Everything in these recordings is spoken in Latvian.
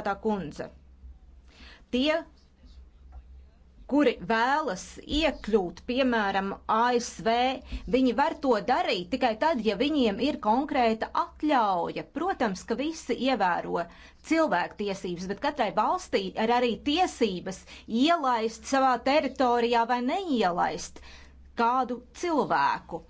tā kundze. Tie, kuri vēlas iekļūt, piemēram, ASV, viņi var to darīt tikai tad, ja viņiem ir konkrēta atļauja. Protams, ka visi ievēro cilvēktiesības, bet katrai valstī ir arī tiesības ielaist savā teritorijā vai neielaist kādu cilvēku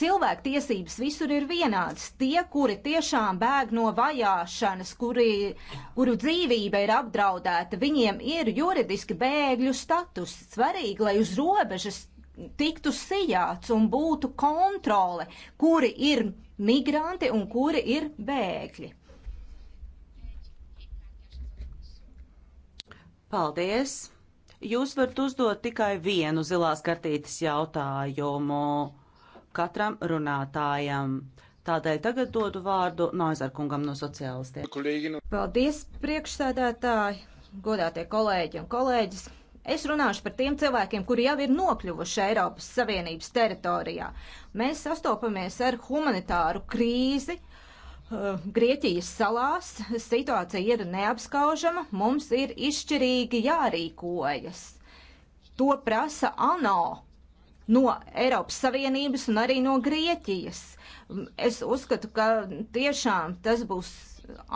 cilvēktiesības visur ir vienādas. Tie, kuri tiešām bēg no vajāšanas, kuri, kuru dzīvība ir apdraudēta, viņiem ir juridiski bēgļu status. Svarīgi, lai uz robežas tiktu sijāts un būtu kontrole, kuri ir migranti un kuri ir bēgļi. Paldies! Jūs varat uzdot tikai vienu zilās kartītes jautājumu katram runātājam. Tādēļ tagad dodu vārdu Nāzarkungam no sociālistiem. Paldies, priekšsēdētāji, godātie kolēģi un kolēģis. Es runāšu par tiem cilvēkiem, kuri jau ir nokļuvuši Eiropas Savienības teritorijā. Mēs sastopamies ar humanitāru krīzi. Eh, Grieķijas salās situācija ir neapskaužama, mums ir izšķirīgi jārīkojas. To prasa ANO no Eiropas Savienības un arī no Grieķijas. Es uzskatu, ka tiešām tas būs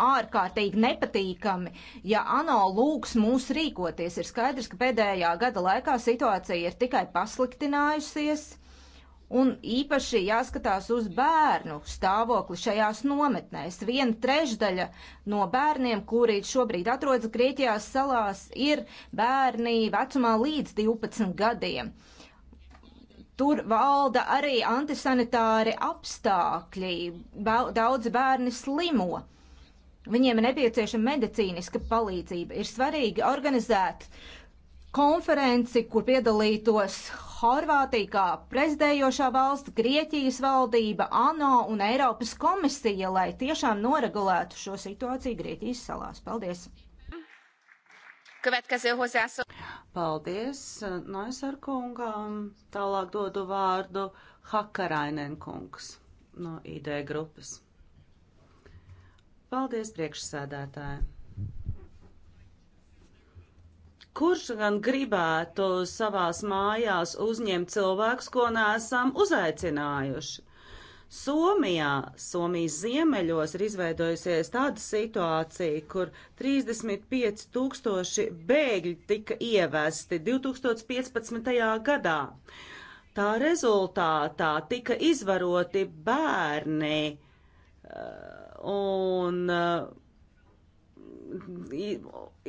ārkārtīgi nepatīkami, ja ANO lūgs mūs rīkoties. Ir skaidrs, ka pēdējā gada laikā situācija ir tikai pasliktinājusies. Un īpaši jāskatās uz bērnu stāvokli šajās nometnēs. Viena trešdaļa no bērniem, kuri šobrīd atrodas Grieķijās salās, ir bērni vecumā līdz 12 gadiem. Uh, Tur valda arī antisanitāri apstākļi, daudz bērni slimo. Viņiem ir nepieciešama medicīniska palīdzība. Ir svarīgi organizēt konferenci, kur piedalītos Horvātija kā prezidējošā valsts, Grieķijas valdība, ANO un Eiropas komisija, lai tiešām noregulētu šo situāciju Grieķijas salās. Paldies! Következő hozzászó. Paldies, Noisar kungam. Tālāk dodu vārdu Hakarainen kungs no ID grupas. Paldies, priekšsēdētāji. Kurš gan gribētu savās mājās uzņemt cilvēkus, ko neesam uzaicinājuši? Somijā, Somijas ziemeļos ir izveidojusies tāda situācija, kur 35 tūkstoši bēgļi tika ievesti 2015. gadā. Tā rezultātā tika izvaroti bērni uh, un uh,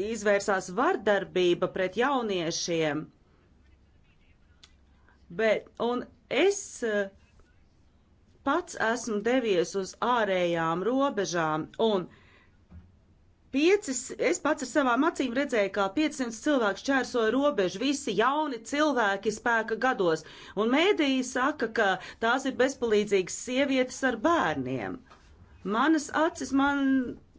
izvērsās vardarbība pret jauniešiem. Bet, un es uh, pats esmu devies uz ārējām robežām un Piecis, es pats ar savām acīm redzēju, kā 500 cilvēku šķērsoja robežu, visi jauni cilvēki spēka gados, un mēdīji saka, ka tās ir bezpalīdzīgas sievietes ar bērniem. Manas acis man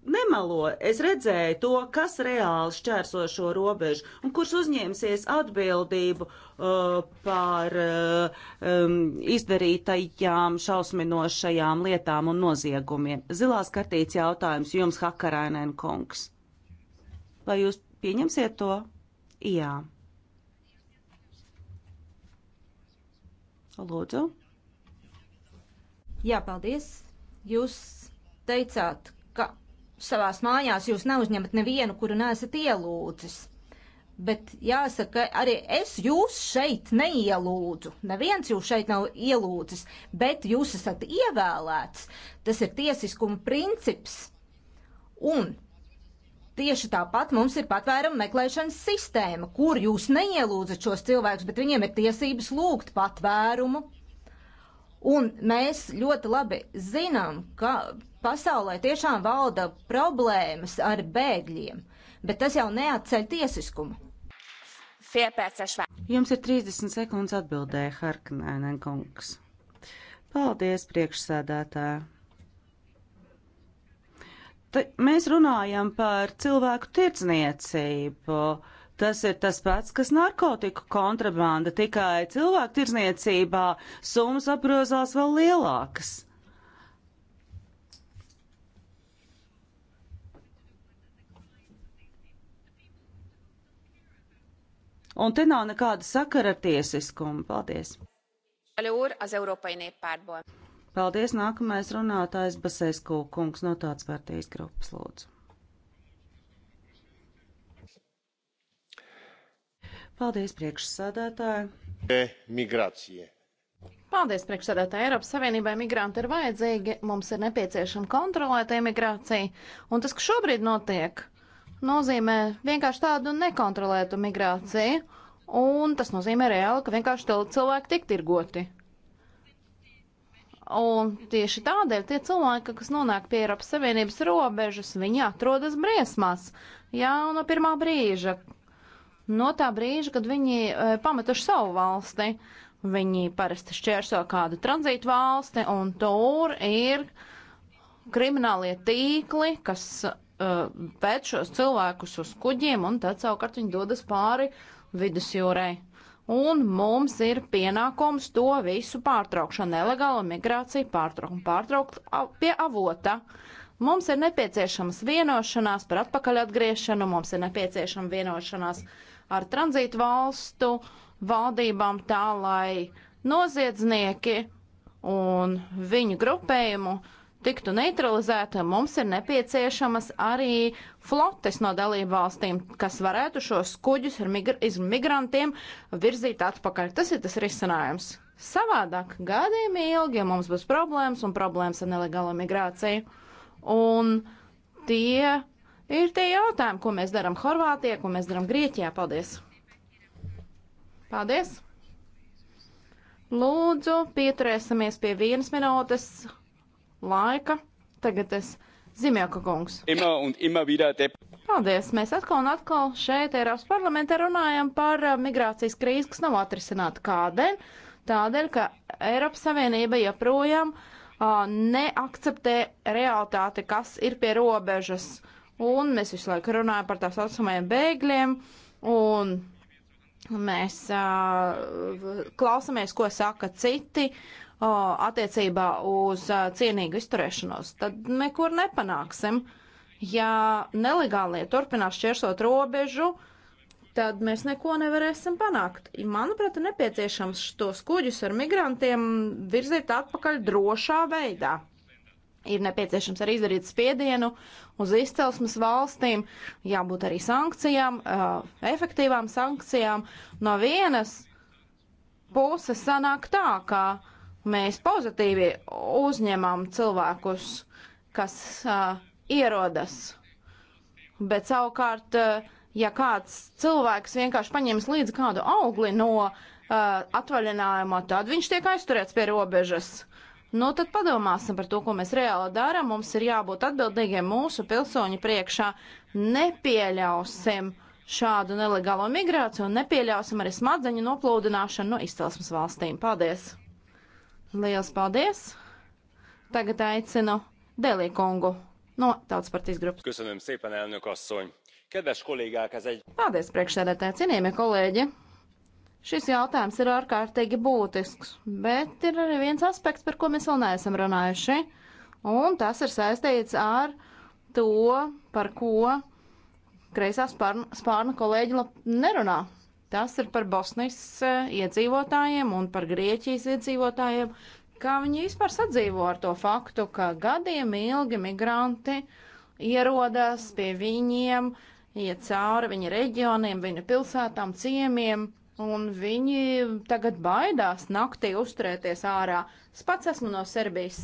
nemelo, es redzēju to, kas reāli šķērso šo robežu un kurš uzņēmsies atbildību uh, par uh, um, izdarītajām šausminošajām lietām un noziegumiem. Zilās kartīts jautājums jums, Hakarainen kungs. Vai jūs pieņemsiet to? Jā. Lūdzu. Jā, paldies. Jūs teicāt, ka savās mājās jūs neuzņemat nevienu, kuru neesat ielūdzis. Bet jāsaka, arī es jūs šeit neielūdzu. Neviens jūs šeit nav ielūdzis, bet jūs esat ievēlēts. Tas ir tiesiskuma princips. Un tieši tāpat mums ir patvēruma meklēšanas sistēma, kur jūs neielūdzat šos cilvēkus, bet viņiem ir tiesības lūgt patvērumu Un mēs ļoti labi zinām, ka pasaulē tiešām valda problēmas ar bēgļiem, bet tas jau neatceļ tiesiskumu. Jums ir 30 sekundes atbildēja Harknēnen kungs. Paldies, priekšsēdētāji. Mēs runājam par cilvēku tirdzniecību. Uh, Tas ir tas pats, kas narkotiku kontrabanda, tikai cilvēku tirzniecībā summas aprozās vēl lielākas. Un te nav nekāda sakara ar tiesiskumu. Paldies! Paldies, nākamais runātājs Basēsku kungs no tāds partijas grupas lūdzu. Paldies, priekšsādātāji! E, Migrācija. Paldies, priekšsēdētāji. Eiropas Savienībai migranti ir vajadzīgi, mums ir nepieciešama kontrolēta imigrācija, un tas, kas šobrīd notiek, nozīmē vienkārši tādu nekontrolētu migrāciju, un tas nozīmē reāli, ka vienkārši cilvēki tiek tirgoti. Un tieši tādēļ tie cilvēki, kas nonāk pie Eiropas Savienības robežas, viņi atrodas briesmās jau no pirmā brīža, no tā brīža, kad viņi e, pametuši savu valsti. Viņi parasti šķērso kādu tranzītu valsti, un tur ir kriminālie tīkli, kas uh, pēc šos cilvēkus uz kuģiem, un tad savukārt viņi dodas pāri vidusjūrai. Un mums ir pienākums to visu pārtraukšanu, nelegālo migrāciju pārtraukt un pārtraukt pie avota. Mums ir nepieciešams vienošanās par atpakaļ atgriešanu, mums ir nepieciešama vienošanās ar tranzītu valstu valdībām tā, lai noziedznieki un viņu grupējumu tiktu neutralizēta, mums ir nepieciešamas arī flotes no dalību valstīm, kas varētu šos kuģus ar migr migrantiem virzīt atpakaļ. Tas ir tas risinājums. Savādāk gadiem ilgi mums būs problēmas un problēmas ar nelegālo migrāciju. Un tie Ir tie jautājumi, ko mēs darām Horvātijā, ko mēs darām Grieķijā. Paldies! Paldies! Lūdzu, pieturēsimies pie vienas minūtes laika. Tagad es Zimjaka kungs. Immer un immer wieder te. Paldies! Mēs atkal un atkal šeit Eiropas parlamentā runājam par uh, migrācijas krīzi, kas nav atrisināta. Kādēļ? Tādēļ, ka Eiropas Savienība joprojām uh, neakceptē realitāti, kas ir pie robežas. Uh, un mēs visu laiku runājam par tā saucamajiem bēgļiem, un mēs uh, klausāmies, ko saka citi uh, attiecībā uz uh, cienīgu izturēšanos, tad nekur nepanāksim. Ja nelegālie turpinās šķērsot robežu, tad mēs neko nevarēsim panākt. Manuprāt, ir nepieciešams tos kuģus ar migrantiem virzīt atpakaļ drošā veidā ir nepieciešams arī izdarīt spiedienu uz izcelsmes valstīm, jābūt arī sankcijām, uh, efektīvām sankcijām. No vienas puses sanāk tā, ka mēs pozitīvi uzņemam cilvēkus, kas uh, ierodas, bet savukārt, uh, ja kāds cilvēks vienkārši paņems līdzi kādu augli no atvaļinājumā, tad viņš tiek aizturēts pie robežas. Nu, tad padomāsim par to, ko mēs reāli darām. Mums ir jābūt atbildīgiem mūsu pilsoņu priekšā. Nepieļausim šādu nelegālo migrāciju un nepieļausim arī smadzeņu noplūdināšanu no izcelsmes valstīm. Paldies! Liels paldies! Tagad aicinu Delī kungu no Tautas partijas grupas. Köszönöm szépen, elnök asszony! Kedves kollégák, ez egy... Paldies, priekšsēdētāji, cienījamie kolēģi! Šis jautājums ir ārkārtīgi būtisks, bet ir arī viens aspekts, par ko mēs vēl neesam runājuši, un tas ir saistīts ar to, par ko kreisā spārna, spārna kolēģi nerunā. Tas ir par Bosnijas eh, iedzīvotājiem un par Grieķijas iedzīvotājiem, kā viņi vispār sadzīvo ar to faktu, ka gadiem ilgi migranti ierodas pie viņiem, iet cauri viņa reģioniem, viņa pilsētām, ciemiem un viņi tagad baidās naktī uzturēties ārā. Es pats esmu no Serbijas,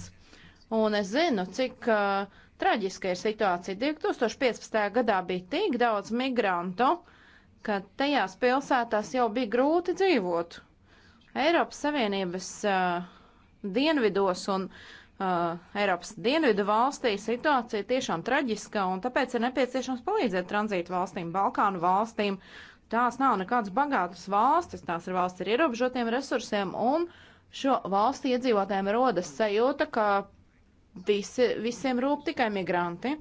un es zinu, cik uh, traģiska ir situācija. 2015. gadā bija tik daudz migrantu, ka tajās pilsētās jau bija grūti dzīvot. Eiropas Savienības uh, dienvidos un uh, Eiropas dienvidu valstī situācija tiešām traģiska, un tāpēc ir nepieciešams palīdzēt tranzītu valstīm, Balkānu valstīm Tās nav nekādas bagātas valstis, tās ir valsts ar ierobežotiem resursiem, un šo valstu iedzīvotājiem rodas sajūta, ka visi, visiem rūp tikai migranti.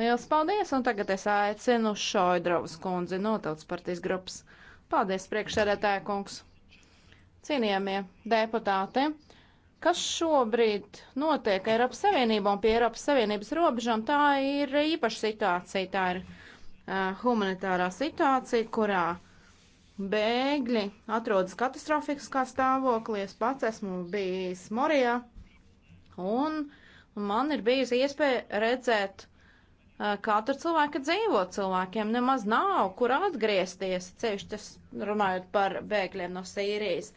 Liels paldies, un tagad es aicinu Šoidrovas kundzi no Tautas partijas grupas. Paldies, priekšsēdētāja kungs! Cienījamie deputāti! kas šobrīd notiek Eiropas Savienībā un pie Eiropas Savienības robežām, tā ir īpaša situācija. Tā ir humanitārā situācija, kurā bēgļi atrodas katastrofiskā stāvoklī. Es pats esmu bijis Morijā, un man ir bijusi iespēja redzēt, kā tur cilvēki dzīvo. Cilvēkiem nemaz nav, kur atgriezties, ceļš tas runājot par bēgļiem no Sīrijas.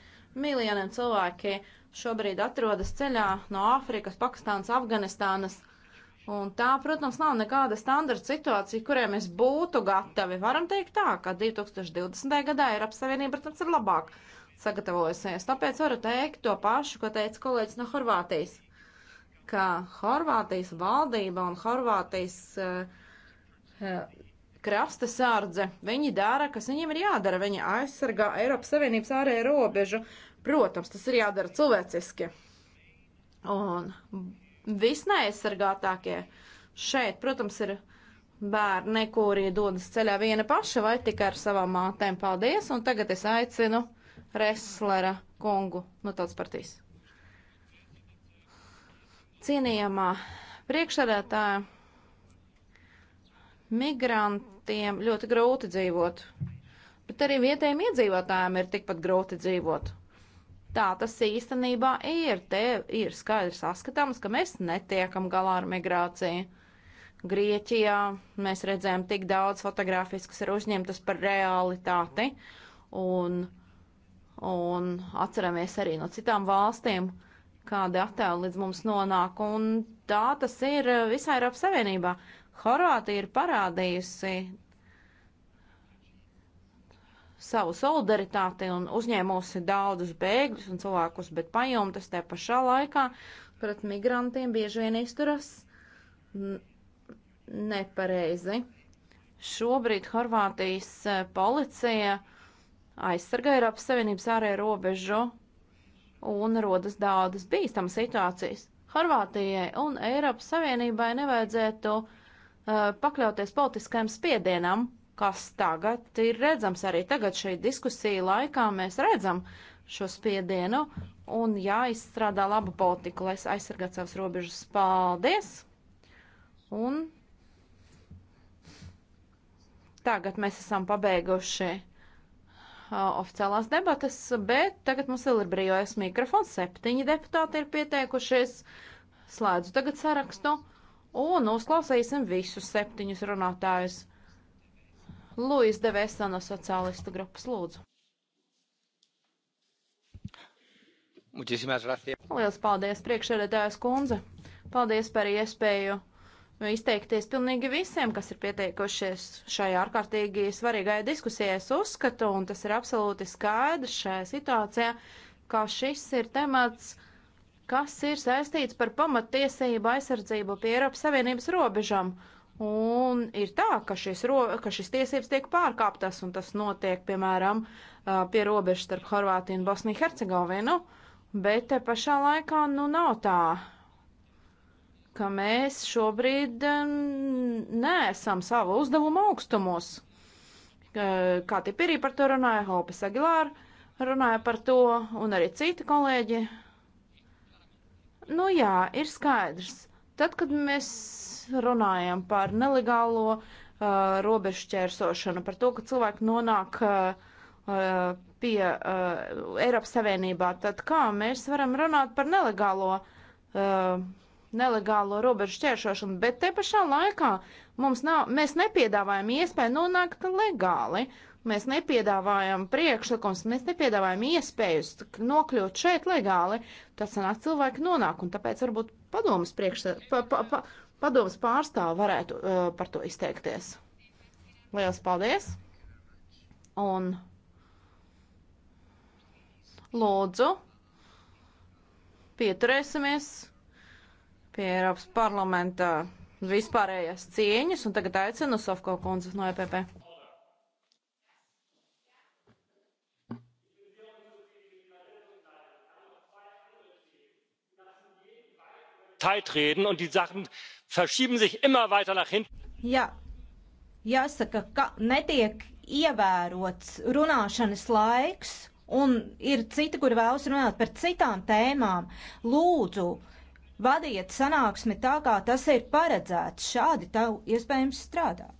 Miljoniem cilvēki šobrīd atrodas ceļā no Āfrikas, Pakistānas, Afganistānas Un tā, protams, nav nekāda standarta situācija, kurai mēs būtu gatavi. Varam teikt tā, ka 2020. gadā Eiropas Savienība, protams, ir labāk sagatavojusies. Tāpēc varu teikt to pašu, ko teica kolēģis no Horvātijas, ka Horvātijas valdība un Horvātijas uh, eh, uh, eh, krasta sārdze, viņi dara, kas viņiem ir jādara. Viņi aizsargā Eiropas Savienības ārēju robežu. Protams, tas ir jādara cilvēciski. Un visneaizsargātākie. Šeit, protams, ir bērni, kuri dodas ceļā viena paša vai tikai ar savām mātēm. Paldies! Un tagad es aicinu Reslera kungu no tautas partijas. Cienījamā priekšsēdētāja, migrantiem ļoti grūti dzīvot, bet arī vietējiem iedzīvotājiem ir tikpat grūti dzīvot. Tā tas īstenībā ir. Te ir skaidrs saskatāms, ka mēs netiekam galā ar migrāciju. Grieķijā mēs redzējām tik daudz fotogrāfijas, kas ir uzņemtas par realitāti, un, un atceramies arī no citām valstīm, kādi attēli līdz mums nonāk, un tā tas ir visā Eiropas Savienībā. Horvātija ir parādījusi savu solidaritāti un uzņēmusi daudzus bēgļus un cilvēkus, bet pajumtas te pašā laikā pret migrantiem bieži vien izturas nepareizi. Šobrīd Horvātijas e, policija aizsargā Eiropas Savienības ārēju robežu un rodas daudzas bīstamas situācijas. Horvātijai un Eiropas Savienībai nevajadzētu uh, pakļauties politiskajam spiedienam, kas tagad ir redzams. Arī tagad šeit diskusija laikā mēs redzam šo spiedienu un jāizstrādā laba politika, lai aizsargātu savas robežas. Paldies! Un tagad mēs esam pabeiguši uh, oficiālās debatas, bet tagad mums vēl ir brīvais mikrofons. Septiņi deputāti ir pieteikušies. Slēdzu tagad sarakstu un uzklausīsim visus septiņus runātājus. Luis Devesa no sociālistu grupas lūdzu. Lielas paldies, priekšsēdētājas kundze. Paldies par iespēju izteikties pilnīgi visiem, kas ir pieteikušies šajā ārkārtīgi svarīgajā diskusijā. Es uzskatu, un tas ir absolūti skaidrs šajā situācijā, ka šis ir temats, kas ir saistīts par pamattiesību aizsardzību pie Eiropas Savienības robežām. Uh, Un ir tā, ka, šis ro, ka šis tiesības tiek pārkāptas, un tas notiek, piemēram, pie robežas starp Horvātiju un Bosniju-Hercegovinu, bet te pašā laikā, nu, nav tā, ka mēs šobrīd neesam savu uzdevumu augstumos. Kā tie pirī par to runāja, Hopis Agilāra runāja par to, un arī citi kolēģi. Nu jā, ir skaidrs. Tad, kad mēs runājam par nelegālo uh, robežu ķērsošanu, par to, ka cilvēki nonāk uh, uh, pie uh, Eiropas Savienībā, tad kā mēs varam runāt par nelegālo, uh, nelegālo robežu šķēršošanu, bet te pašā laikā mums nav, mēs nepiedāvājam iespēju nonākt legāli, mēs nepiedāvājam priekšlikums, mēs nepiedāvājam iespējas nokļūt šeit legāli, tad sanāk cilvēki nonāk, un tāpēc varbūt padomas priekš, pa, pa, pa, padomas pārstāvi varētu uh, par to izteikties. Lielas paldies! Un lūdzu, pieturēsimies pie Eiropas parlamenta vispārējās cieņas, un tagad aicinu Sofko kundzi no EPP. Zeit reden und die Sachen verschieben sich immer weiter nach hinten. Jā, jāsaka, ka netiek ievērots runāšanas laiks un ir citi, kuri vēlas runāt par citām tēmām. Lūdzu, vadiet sanāksmi tā, kā tas ir paredzēts. Šādi tev iespējams strādāt.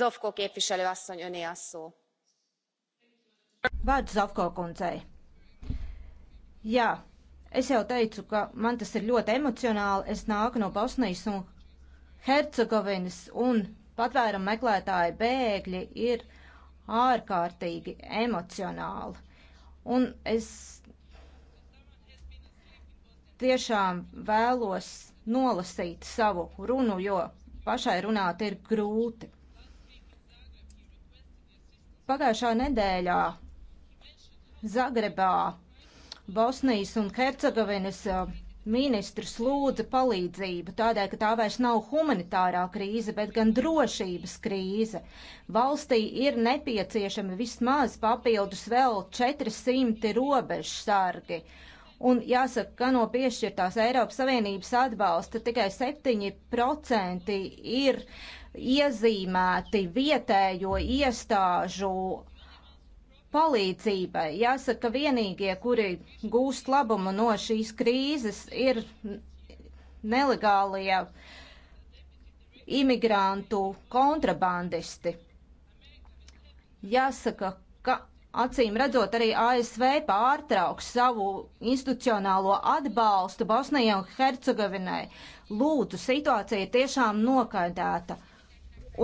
Zofko képviselő asszony, öné a szó. Vārds Zofko kundzei. Jā, Es jau teicu, ka man tas ir ļoti emocionāli. Es nāku no Bosnijas un Hercegovinas, un patvērumu meklētāji bēgļi ir ārkārtīgi emocionāli. Un es tiešām vēlos nolasīt savu runu, jo pašai runāt ir grūti. Pagājušā nedēļā Zagrebā Bosnijas un Hercegovinas uh, ministrs lūdza palīdzību tādēļ, ka tā vairs nav humanitārā krīze, bet gan drošības krīze. Valstī ir nepieciešami vismaz papildus vēl 400 robežsargi. Un jāsaka, ka no piešķirtās Eiropas Savienības atbalsta tikai 7% ir iezīmēti vietējo iestāžu palīdzībai. Jāsaka, vienīgie, kuri gūst labumu no šīs krīzes, ir nelegālie imigrantu kontrabandisti. Jāsaka, ka acīm redzot arī ASV pārtrauks savu institucionālo atbalstu Bosnijai un Hercegovinai. Lūdzu, situācija ir tiešām nokaidēta,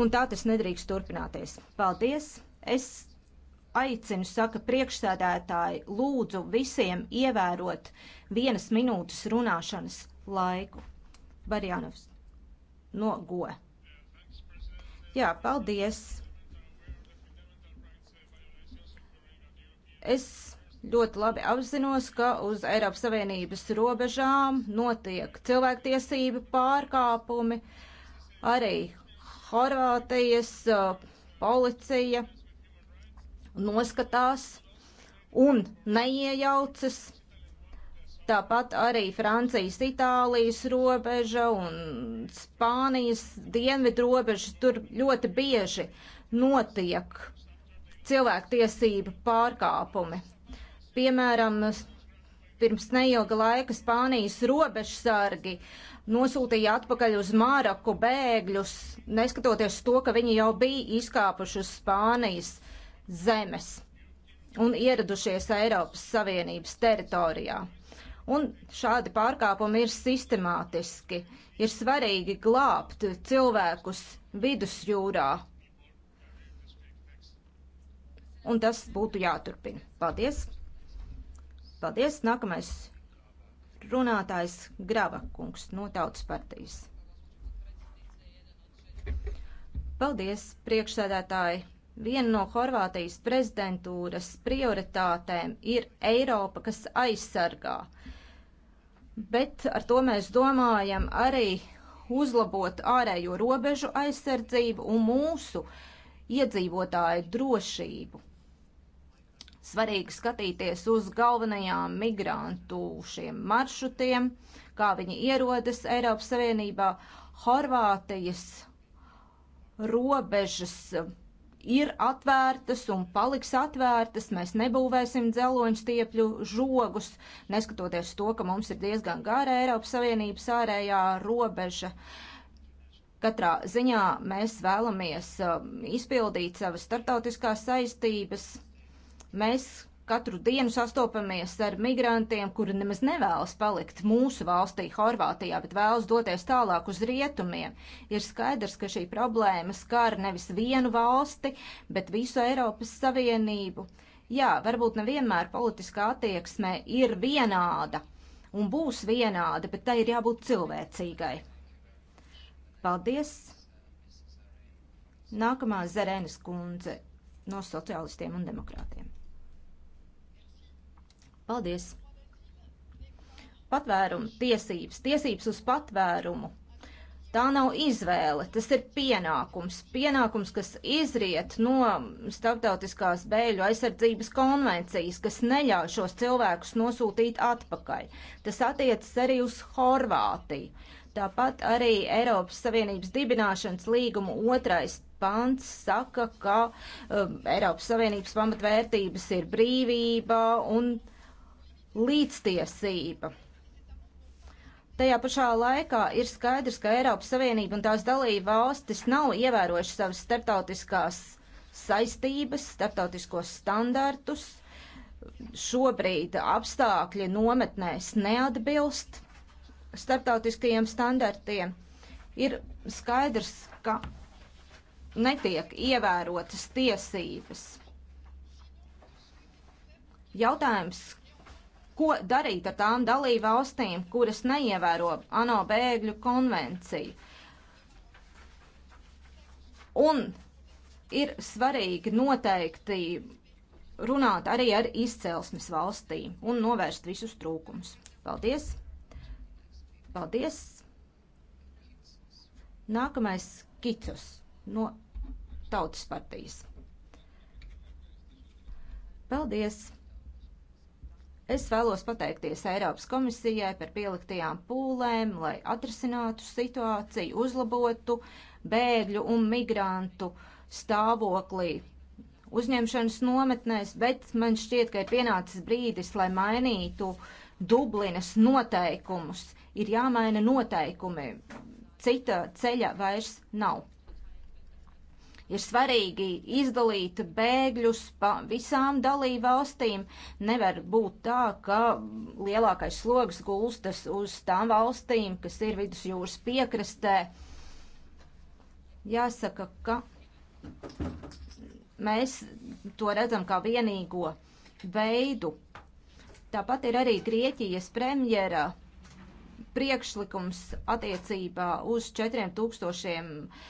un tā tas nedrīkst turpināties. Paldies! Es aicinu, saka priekšsēdētāji, lūdzu visiem ievērot vienas minūtes runāšanas laiku. Barjanovs no GO. Jā, paldies. Es ļoti labi apzinos, ka uz Eiropas Savienības robežām notiek cilvēktiesība pārkāpumi, arī Horvātijas uh, policija noskatās un neiejaucas. Tāpat arī Francijas, Itālijas robeža un Spānijas dienvidu robeža tur ļoti bieži notiek cilvēktiesību pārkāpumi. Piemēram, pirms neilga laika Spānijas robežsargi nosūtīja atpakaļ uz Māraku bēgļus, neskatoties to, ka viņi jau bija izkāpuši uz Spānijas uh, zemes un ieradušies Eiropas Savienības teritorijā. Un šādi pārkāpumi ir sistemātiski. Ir svarīgi glābt cilvēkus vidusjūrā. Un tas būtu jāturpina. Paldies! Paldies! Nākamais runātājs Grava kungs no Tautas partijas. Paldies, priekšsēdētāji! Viena no Horvātijas prezidentūras prioritātēm ir Eiropa, kas aizsargā. Bet ar to mēs domājam arī uzlabot ārējo robežu aizsardzību un mūsu iedzīvotāju drošību. Svarīgi skatīties uz galvenajām migrantu šiem maršrutiem, kā viņi ierodas Eiropas Savienībā, Horvātijas robežas ir atvērtas un paliks atvērtas. Mēs nebūvēsim dzeloņstiepļu žogus, neskatoties to, ka mums ir diezgan gara Eiropas Savienības ārējā robeža. Katrā ziņā mēs vēlamies um, izpildīt savas startautiskās saistības. Mēs Katru dienu sastopamies ar migrantiem, kuri nemaz nevēlas palikt mūsu valstī, Horvātijā, bet vēlas doties tālāk uz rietumiem. Ir skaidrs, ka šī problēma skar nevis vienu valsti, bet visu Eiropas Savienību. Jā, varbūt nevienmēr politiskā attieksme ir vienāda un būs vienāda, bet tai ir jābūt cilvēcīgai. Paldies! Nākamā Zerenes kundze no sociālistiem un demokrātiem. Paldies! Patvērumu tiesības, tiesības uz patvērumu. Tā nav izvēle, tas ir pienākums. Pienākums, kas izriet no Startautiskās bēļu aizsardzības konvencijas, kas neļauj šos cilvēkus nosūtīt atpakaļ. Tas attiecas arī uz Horvātiju. Tāpat arī Eiropas Savienības dibināšanas līguma otrais pants saka, ka um, Eiropas Savienības pamatvērtības ir brīvība un brīvība līdztiesība. Tajā pašā laikā ir skaidrs, ka Eiropas Savienība un tās dalība valstis nav ievērojuši savas starptautiskās saistības, starptautiskos standartus. Šobrīd apstākļi nometnēs neatbilst starptautiskajiem standartiem. Ir skaidrs, ka netiek ievērotas tiesības. Jautājums, ko darīt ar tām dalībvalstīm, kuras neievēro ANO bēgļu konvenciju. Un ir svarīgi noteikti runāt arī ar izcelsmes valstīm un novērst visus trūkumus. Paldies! Paldies! Nākamais Kicus no Tautas partijas. Paldies! Es vēlos pateikties Eiropas komisijai par pieliktajām pūlēm, lai atrisinātu situāciju, uzlabotu bēgļu un migrantu stāvoklī uzņemšanas nometnēs, bet man šķiet, ka ir pienācis brīdis, lai mainītu Dublinas noteikumus. Ir jāmaina noteikumi. Cita ceļa vairs nav. Ir svarīgi izdalīt bēgļus pa visām dalībvalstīm. Nevar būt tā, ka lielākais slogs gulstas uz tām valstīm, kas ir vidusjūras piekrastē. Jāsaka, ka mēs to redzam kā vienīgo veidu. Tāpat ir arī Grieķijas premjera priekšlikums attiecībā uz 4000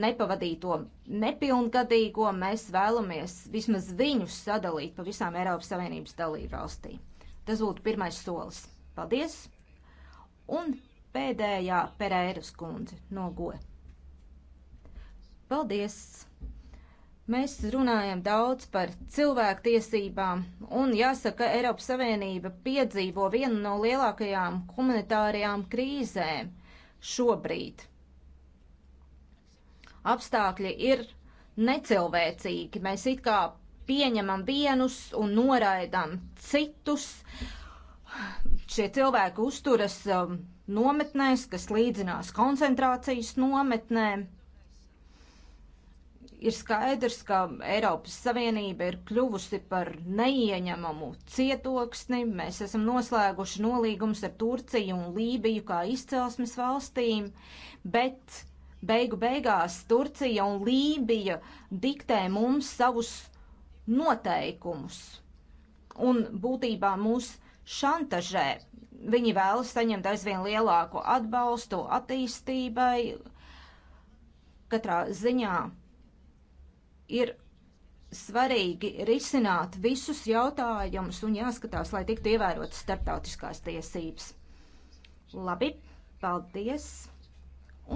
nepavadīto nepilngadīgo, mēs vēlamies vismaz viņus sadalīt pa visām Eiropas Savienības dalību valstī. Tas būtu pirmais solis. Paldies! Un pēdējā Pereiras kundze no goja. Paldies! Mēs runājam daudz par cilvēktiesībām, un jāsaka, Eiropas Savienība piedzīvo vienu no lielākajām humanitārajām krīzēm šobrīd apstākļi ir necilvēcīgi. Mēs it kā pieņemam vienus un noraidam citus. Šie cilvēki uzturas um, nometnēs, kas līdzinās koncentrācijas nometnēm. Ir skaidrs, ka Eiropas Savienība ir kļuvusi par neieņemamu cietoksni. Mēs esam noslēguši nolīgums ar Turciju un Lībiju kā izcelsmes valstīm, bet Beigu beigās Turcija un Lībija diktē mums savus noteikumus un būtībā mūs šantažē. Viņi vēlas saņemt aizvien lielāku atbalstu attīstībai. Katrā ziņā ir svarīgi risināt visus jautājumus un jāskatās, lai tiktu ievērotas starptautiskās tiesības. Labi, paldies!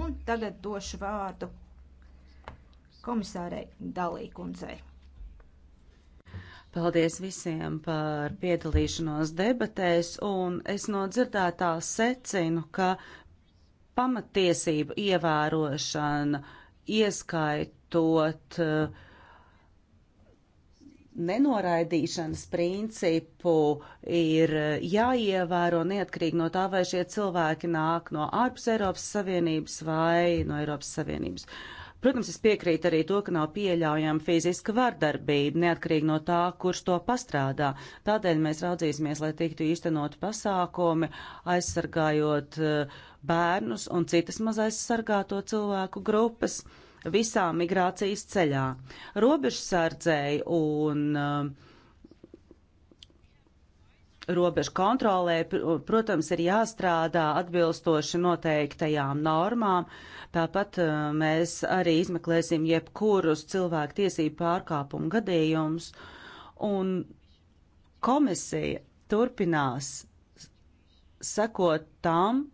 Un tagad došu vārdu komisārei Dalīkundzei. Paldies visiem par piedalīšanos debatēs, un es no dzirdētā secinu, ka pamatiesību ievērošana ieskaitot uh, nenoraidīšanas principu ir jāievēro neatkarīgi no tā, vai šie cilvēki nāk no ārpus Eiropas Savienības vai no Eiropas Savienības. Protams, es piekrītu arī to, ka nav pieļaujama fiziska vardarbība, neatkarīgi no tā, kurš to pastrādā. Tādēļ mēs raudzīsimies, lai tiktu īstenot pasākumi, aizsargājot eh, bērnus un citas mazais sargāto cilvēku grupas. Uh, visā migrācijas ceļā. Robežsardzēji un uh, um, robežu kontrolē, protams, ir jāstrādā atbilstoši noteiktajām normām. Tāpat uh, mēs arī izmeklēsim jebkurus cilvēku tiesību pārkāpumu gadījumus, un komisija turpinās sekot tam,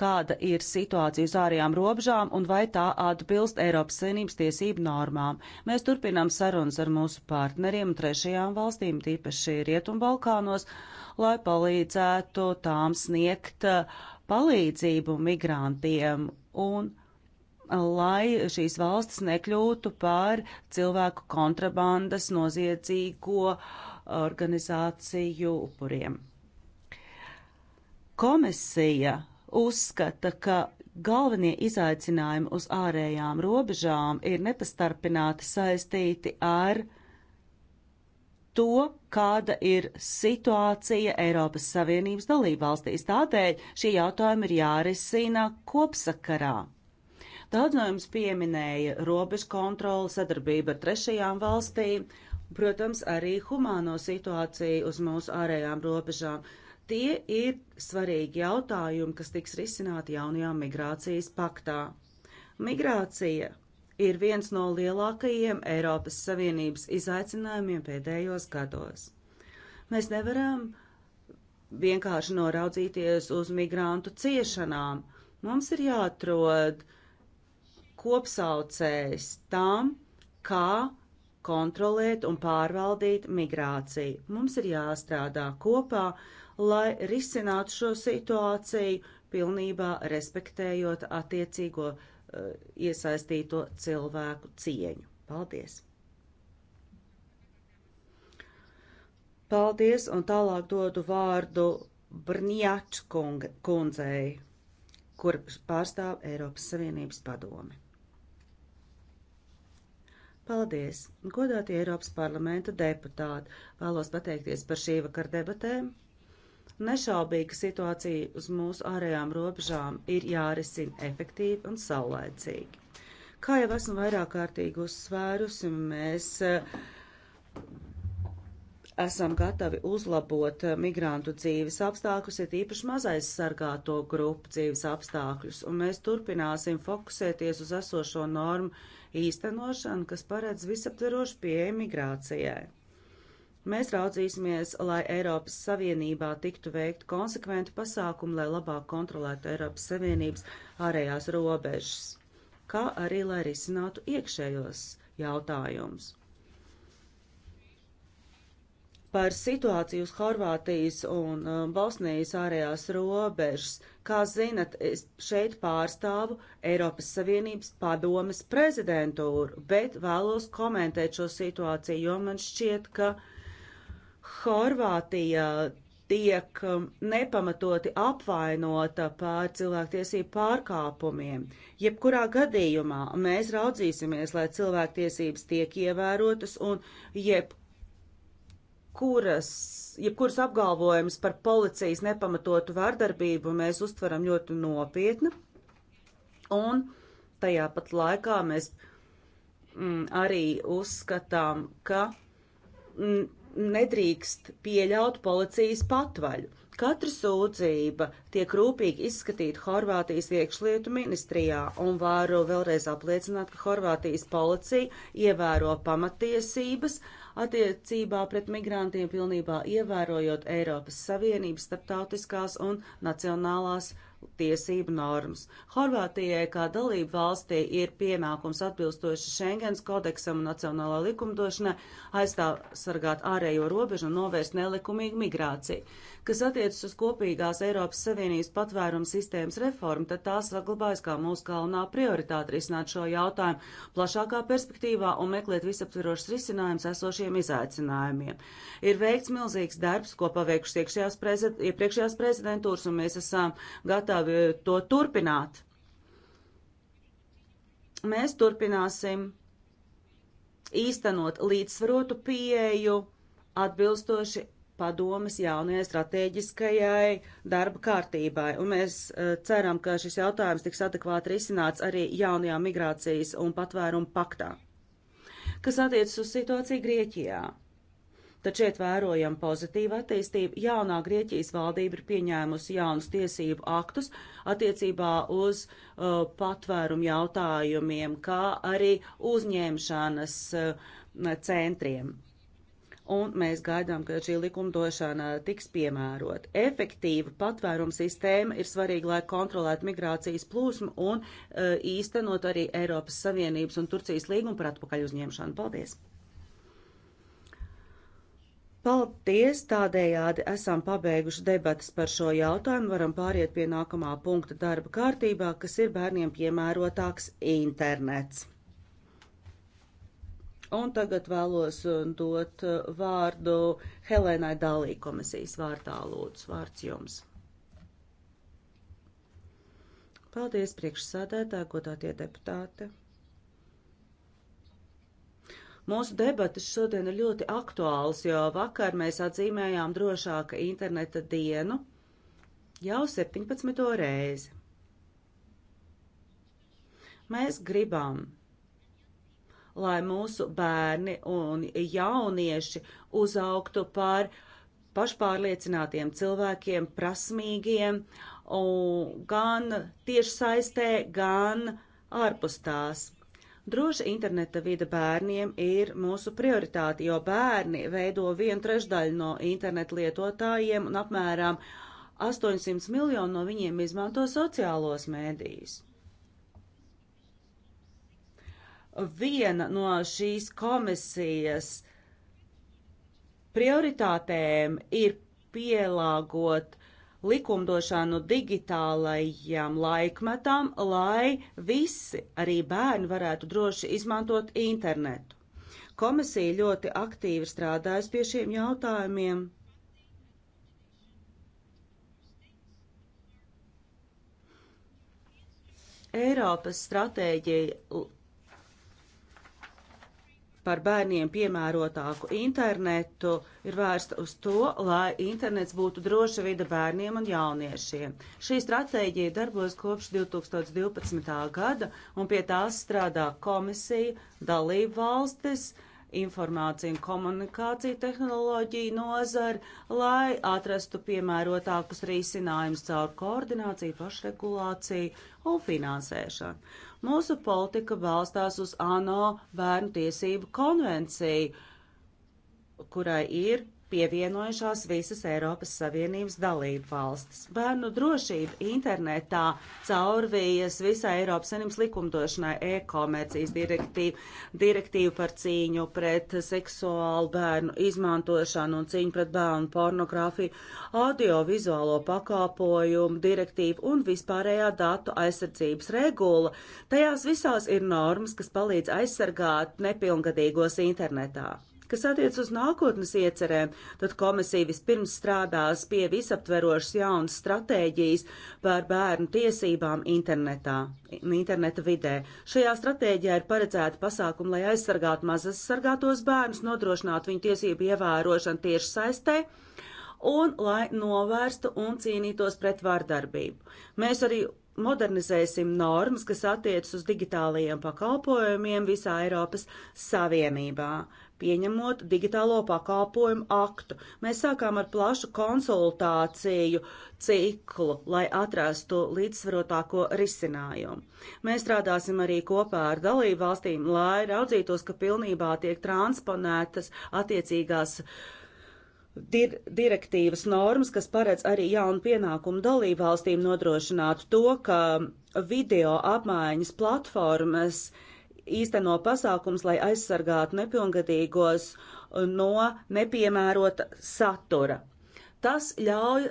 kāda ir situācija uz ārējām robežām un vai tā atbilst Eiropas Savienības tiesību normām. Mēs turpinām sarunas ar mūsu partneriem un trešajām valstīm, tīpaši Rietumbalkānos, lai palīdzētu tām sniegt uh, palīdzību migrantiem un lai šīs valstis nekļūtu par cilvēku kontrabandas noziedzīgo organizāciju upuriem. Komisija uzskata, ka galvenie izaicinājumi uz ārējām robežām ir nepastarpināti saistīti ar to, kāda ir situācija Eiropas Savienības dalībvalstīs. Tādēļ šie jautājumi ir jārisina kopsakarā. Daudz no jums pieminēja robežu kontroli, sadarbību ar trešajām valstīm, protams, arī humāno situāciju uz mūsu ārējām robežām. Tie ir svarīgi jautājumi, kas tiks risināti jaunajā migrācijas paktā. Migrācija ir viens no lielākajiem Eiropas Savienības izaicinājumiem pēdējos gados. Mēs nevaram vienkārši noraudzīties uz migrantu ciešanām. Mums ir jāatrod kopsaucējs tam, kā kontrolēt un pārvaldīt migrāciju. Mums ir jāstrādā kopā, uh, lai risinātu šo situāciju, pilnībā respektējot attiecīgo uh, iesaistīto cilvēku cieņu. Paldies! Paldies, un tālāk dodu vārdu Brņjačs kundzei, kur pārstāv Eiropas Savienības padomi. Paldies, godātie Eiropas parlamenta deputāti! Vēlos pateikties par šī vakar debatēm Nešaubīga situācija uz mūsu ārējām robežām ir jārisina efektīvi un saulēcīgi. Kā jau esmu vairāk kārtīgi uzsvērusi, mēs eh, esam gatavi uzlabot eh, migrantu dzīves apstākļus, ir īpaši mazais sargāto grupu dzīves apstākļus, un mēs turpināsim fokusēties uz esošo normu īstenošanu, kas paredz visaptverošu pieeja migrācijai. Mēs raudzīsimies, lai Eiropas Savienībā tiktu veikt konsekventi pasākumi, lai labāk kontrolētu Eiropas Savienības ārējās robežas, kā arī lai risinātu iekšējos jautājumus. Par situāciju uz Horvātijas un uh, Bosnijas ārējās robežas, kā zinat, es šeit pārstāvu Eiropas Savienības padomes prezidentūru, bet vēlos komentēt šo situāciju, jo man šķiet, ka uh, Horvātija tiek um, nepamatoti apvainota par cilvēktiesību pārkāpumiem. Jebkurā gadījumā mēs raudzīsimies, lai cilvēktiesības tiek ievērotas un jebkuras, jebkuras apgalvojums par policijas nepamatotu vardarbību mēs uztveram ļoti nopietni. Un tajā pat laikā mēs mm, arī uzskatām, ka mm, nedrīkst pieļaut policijas patvaļu. Katra sūdzība tiek rūpīgi izskatīta Horvātijas iekšlietu ministrijā, un varu vēlreiz apliecināt, ka Horvātijas policija ievēro pamatiesības, attiecībā pret migrantiem pilnībā ievērojot Eiropas Savienības starptautiskās un nacionālās tiesību normas. Horvātijai kā dalību valstī ir pienākums atbilstoši Schengens kodeksam un nacionālā likumdošanai aizstāv sargāt ārējo robežu un novērst nelikumīgu migrāciju. Kas attiecas uz kopīgās Eiropas Savienības patvērums sistēmas reformu, tad tās saglabājas kā mūsu galvenā prioritāte risināt šo jautājumu plašākā perspektīvā un meklēt visaptverošas risinājumus esošiem šiem izaicinājumiem. Ir veikts milzīgs darbs, ko paveikušas prezid iepriekšējās prezidentūras, un mēs esam gatavi to turpināt. Mēs turpināsim īstenot līdzsvarotu pieeju atbilstoši padomas jaunajai strateģiskajai darba kārtībai. Un mēs uh, ceram, ka šis jautājums tiks adekvāti risināts arī jaunajā migrācijas un patvērumu paktā kas attiecas uz situāciju Grieķijā. Taču šeit vērojam pozitīvu attīstību. Jaunā Grieķijas valdība ir pieņēmusi jaunus tiesību aktus attiecībā uz uh, patvērumu jautājumiem, kā arī uzņemšanas uh, centriem un mēs gaidām, ka šī likumdošana tiks piemērot. Efektīva patvērums sistēma ir svarīga, lai kontrolētu migrācijas plūsmu un uh, īstenot arī Eiropas Savienības un Turcijas līgumu par atpakaļ uzņemšanu. Paldies! Paldies! Tādējādi esam pabeiguši debatas par šo jautājumu. Varam pāriet pie nākamā punkta darba kārtībā, kas ir bērniem piemērotāks internets. Un tagad vēlos uh, dot uh, vārdu Helēnai Dalī komisijas vārdā lūdzu. Vārds jums. Paldies priekšsādētāji, godātie deputāti. Mūsu debatas šodien ir ļoti aktuāls, jo vakar mēs atzīmējām drošāka interneta dienu jau 17. reizi. Mēs gribam lai mūsu bērni un jaunieši uzaugtu par pašpārliecinātiem cilvēkiem, prasmīgiem, gan tieši saistē, gan ārpus tās. Droša interneta vide bērniem ir mūsu prioritāte, jo bērni veido vienu trešdaļu no interneta lietotājiem un apmēram 800 miljonu no viņiem izmanto sociālos mēdījus. viena no šīs komisijas prioritātēm ir pielāgot likumdošanu digitālajām laikmetām, lai visi, arī bērni, varētu droši izmantot internetu. Komisija ļoti aktīvi strādājas pie šiem jautājumiem. Eiropas stratēģija par bērniem piemērotāku internetu ir vērsta uz to, lai internets būtu droša vida bērniem un jauniešiem. Šī stratēģija darbojas kopš 2012. gada, un pie tās strādā komisija, dalību valstis, uh, informāciju un komunikāciju tehnoloģiju nozari, lai atrastu piemērotākus risinājumus caur koordināciju, pašregulāciju un finansēšanu. Mūsu politika balstās uz ANO bērnu tiesību konvenciju, kurai ir pievienojušās visas Eiropas Savienības dalību valstis. Bērnu drošība internetā caurvījas visai Eiropas Savienības likumdošanai e-komercijas direktīvu, direktīvu par cīņu pret seksuālu bērnu izmantošanu un cīņu pret bērnu pornogrāfiju, audiovizuālo pakalpojumu direktīvu un vispārējā datu aizsardzības regula. Tajās visās ir normas, kas palīdz aizsargāt nepilngadīgos internetā. Kas attiec uz nākotnes iecerēm, tad komisija vispirms strādās pie visaptverošas jaunas stratēģijas par bērnu tiesībām internetā, interneta vidē. Šajā stratēģijā ir paredzēta pasākuma, lai aizsargātu mazas sargātos bērnus, nodrošinātu viņu tiesību ievērošanu tieši saistē un lai novērstu un cīnītos pret vārdarbību. Mēs arī modernizēsim normas, kas attiecas uz digitālajiem pakalpojumiem visā Eiropas Savienībā pieņemot digitālo pakalpojumu aktu. Mēs sākām ar plašu konsultāciju ciklu, lai atrastu līdzsvarotāko risinājumu. Mēs strādāsim arī kopā ar dalību valstīm, lai raudzītos, ka pilnībā tiek transponētas attiecīgās dir direktīvas normas, kas paredz arī jaunu pienākumu dalībvalstīm nodrošināt to, ka video apmaiņas platformas uh, īsteno pasākums, lai aizsargātu nepilngadīgos no nepiemērota satura. Tas ļauj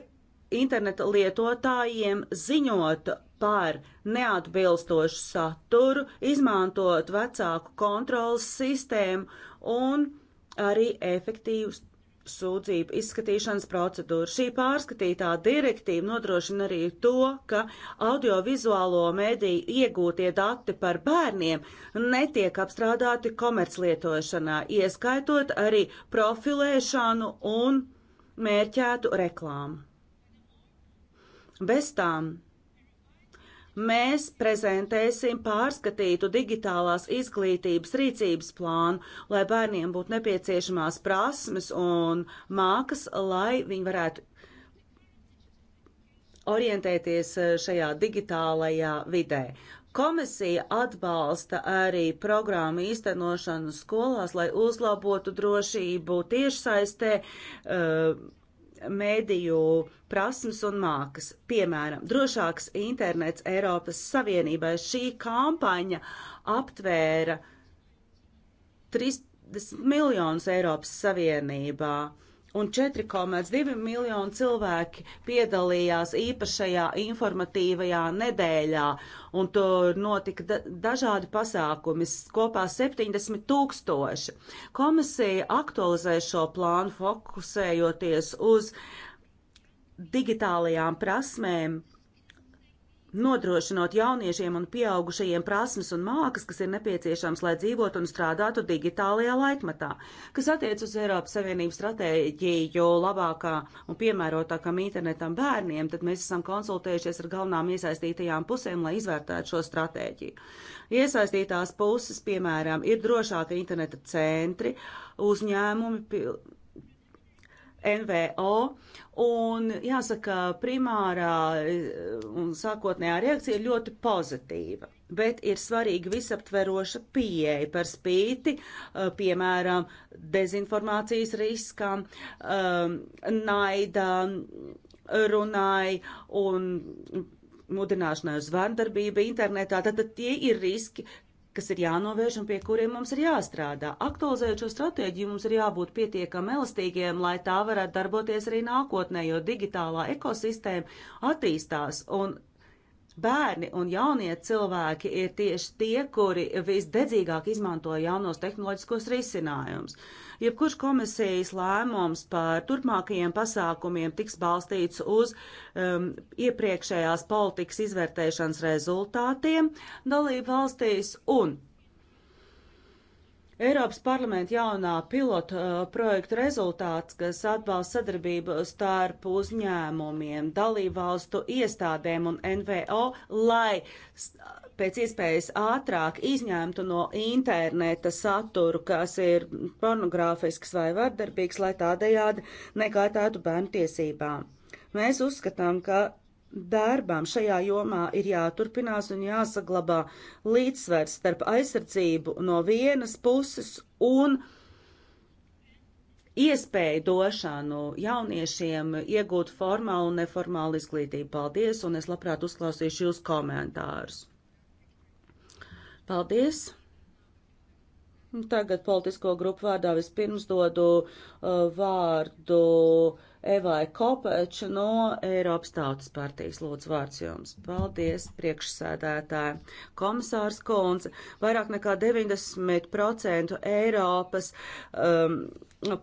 interneta lietotājiem ziņot par neatbilstošu saturu, izmantot vecāku kontrolas sistēmu un arī efektīvus sūdzību izskatīšanas procedūru. Šī pārskatītā direktīva nodrošina arī to, ka audiovizuālo mediju iegūtie dati par bērniem netiek apstrādāti komerclietošanā, ieskaitot arī profilēšanu un mērķētu reklāmu. Bez tām mēs prezentēsim pārskatītu digitālās izglītības rīcības plānu, lai bērniem būtu nepieciešamās prasmes un mākas, lai viņi varētu orientēties eh, šajā digitālajā vidē. Komisija atbalsta arī programmu īstenošanu skolās, lai uzlabotu drošību tiešsaistē, uh, mēdīju prasmes un mākas. Piemēram, drošāks internets Eiropas Savienībai. Šī kampaņa aptvēra 30 miljonus Eiropas Savienībā. Uh, un 4,2 miljonu cilvēki piedalījās īpašajā informatīvajā nedēļā, un tur notika da dažādi pasākumi, kopā 70 tūkstoši. Komisija aktualizē šo plānu fokusējoties uz digitālajām prasmēm nodrošinot jauniešiem un pieaugušajiem prasmes un mākas, kas ir nepieciešams, lai dzīvotu un strādātu digitālajā laikmatā. Kas attiec uz Eiropas Savienības stratēģiju labākā un piemērotākam internetam bērniem, tad mēs esam konsultējušies ar galvenām iesaistītajām pusēm, lai izvērtētu šo stratēģiju. Iesaistītās puses, piemēram, ir drošāka interneta centri, uzņēmumi, NVO. Un jāsaka, primārā eh, un sākotnējā reakcija ir ļoti pozitīva, bet ir svarīga visaptveroša pieeja par spīti, eh, piemēram, dezinformācijas riskam, eh, naida runai un mudināšanai uz vardarbību internetā, tad, tad tie ir riski, kas ir jānovērš un pie kuriem mums ir jāstrādā. Aktualizējot šo stratēģiju, mums ir jābūt pietiekami elastīgiem, lai tā varētu darboties arī nākotnē, jo digitālā ekosistēma attīstās un Bērni un jaunie cilvēki ir tieši tie, kuri visdedzīgāk izmanto jaunos tehnoloģiskos risinājumus. Jebkurš komisijas lēmums par turpmākajiem pasākumiem tiks balstīts uz um, iepriekšējās politikas izvērtēšanas rezultātiem dalību valstīs un Eiropas parlamenta jaunā pilota uh, projekta rezultāts, kas atbalsta sadarbību starp uzņēmumiem, dalībvalstu iestādēm un NVO, lai pēc iespējas ātrāk izņemtu no interneta saturu, kas ir pornogrāfisks vai vardarbīgs, lai tādējādi nekaitātu bērnu tiesībām. Mēs uzskatām, ka darbām šajā jomā ir jāturpinās un jāsaglabā līdzsvers starp aizsardzību no vienas puses un iespēju došanu jauniešiem iegūt formālu un neformālu izglītību. Paldies, un es labprāt uzklausīšu jūs komentārus. Paldies! Tagad politisko grupu vārdā vispirms dodu uh, vārdu uh, Evai Kopēč no Eiropas Tautas partijas. Lūdzu, vārds jums. Paldies, priekšsēdētāji. Komisārs Kunze, vairāk nekā 90% Eiropas um,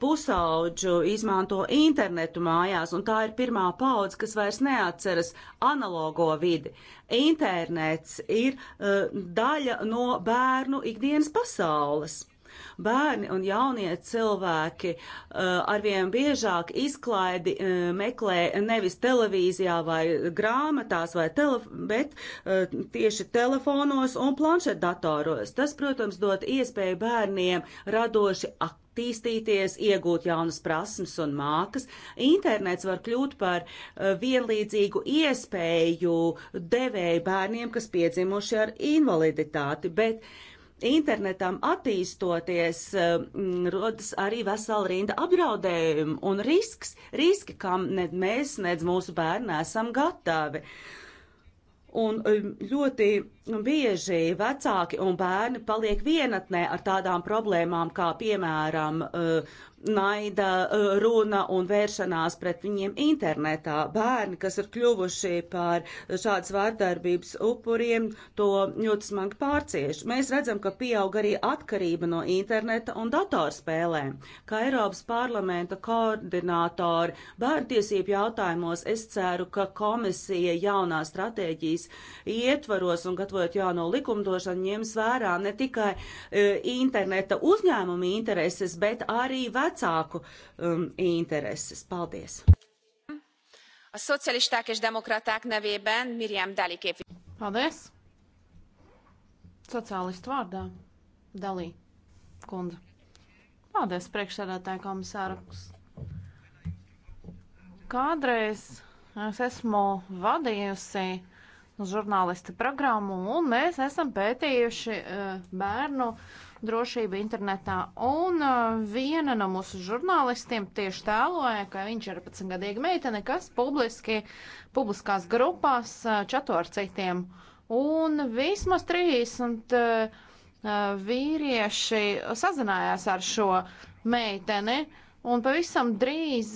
pusauģu izmanto internetu mājās, un tā ir pirmā paudze, kas vairs neatceras analogo vidi. Internets ir uh, daļa no bērnu ikdienas pasaules. Bērni un jaunie cilvēki uh, arvien biežāk izklaidi uh, meklē nevis televīzijā vai grāmatās, vai telef bet uh, tieši telefonos un planšetdatoros. Tas, protams, dod iespēju bērniem radoši aktīvi attīstīties, iegūt jaunas prasmes un mākas. Internets var kļūt par vienlīdzīgu iespēju devēju bērniem, kas piedzimuši ar invaliditāti, bet internetam attīstoties, mm, rodas arī vesela rinda apdraudējumu un risks, riski, kam ne mēs, ne mūsu bērni esam gatavi. Un mm, ļoti Nu, bieži vecāki un bērni paliek vienatnē ar tādām problēmām, kā piemēram eh, naida eh, runa un vēršanās pret viņiem internetā. Bērni, kas ir kļuvuši par šādas vārdarbības upuriem, to ļoti smagi pārcieš. Mēs redzam, ka pieaug arī atkarība no interneta un datorspēlēm. Kā Eiropas parlamenta koordinātori bērntiesību jautājumos, es ceru, ka komisija jaunā stratēģijas ietvaros un gatavos gatavojot jauno likumdošanu, ņems vērā ne tikai e, interneta uzņēmumu intereses, bet arī vecāku um, intereses. Paldies! A szocialisták és demokraták nevében Mirjam Dali képviselő. Paldies! Sociālistu vārdā Dali kundze. Paldies, priekšsēdētāja komisāraks. Kādreiz es esmu vadījusi žurnālisti programmu, un mēs esam pētījuši eh, bērnu drošību internetā. Un eh, viena no mūsu žurnālistiem tieši tēloja, ka viņš ir 14-gadīga meitene, kas publiski, publiskās grupās eh, čato ar citiem. Un vismaz 30 vīrieši sazinājās ar šo meiteni, un pavisam drīz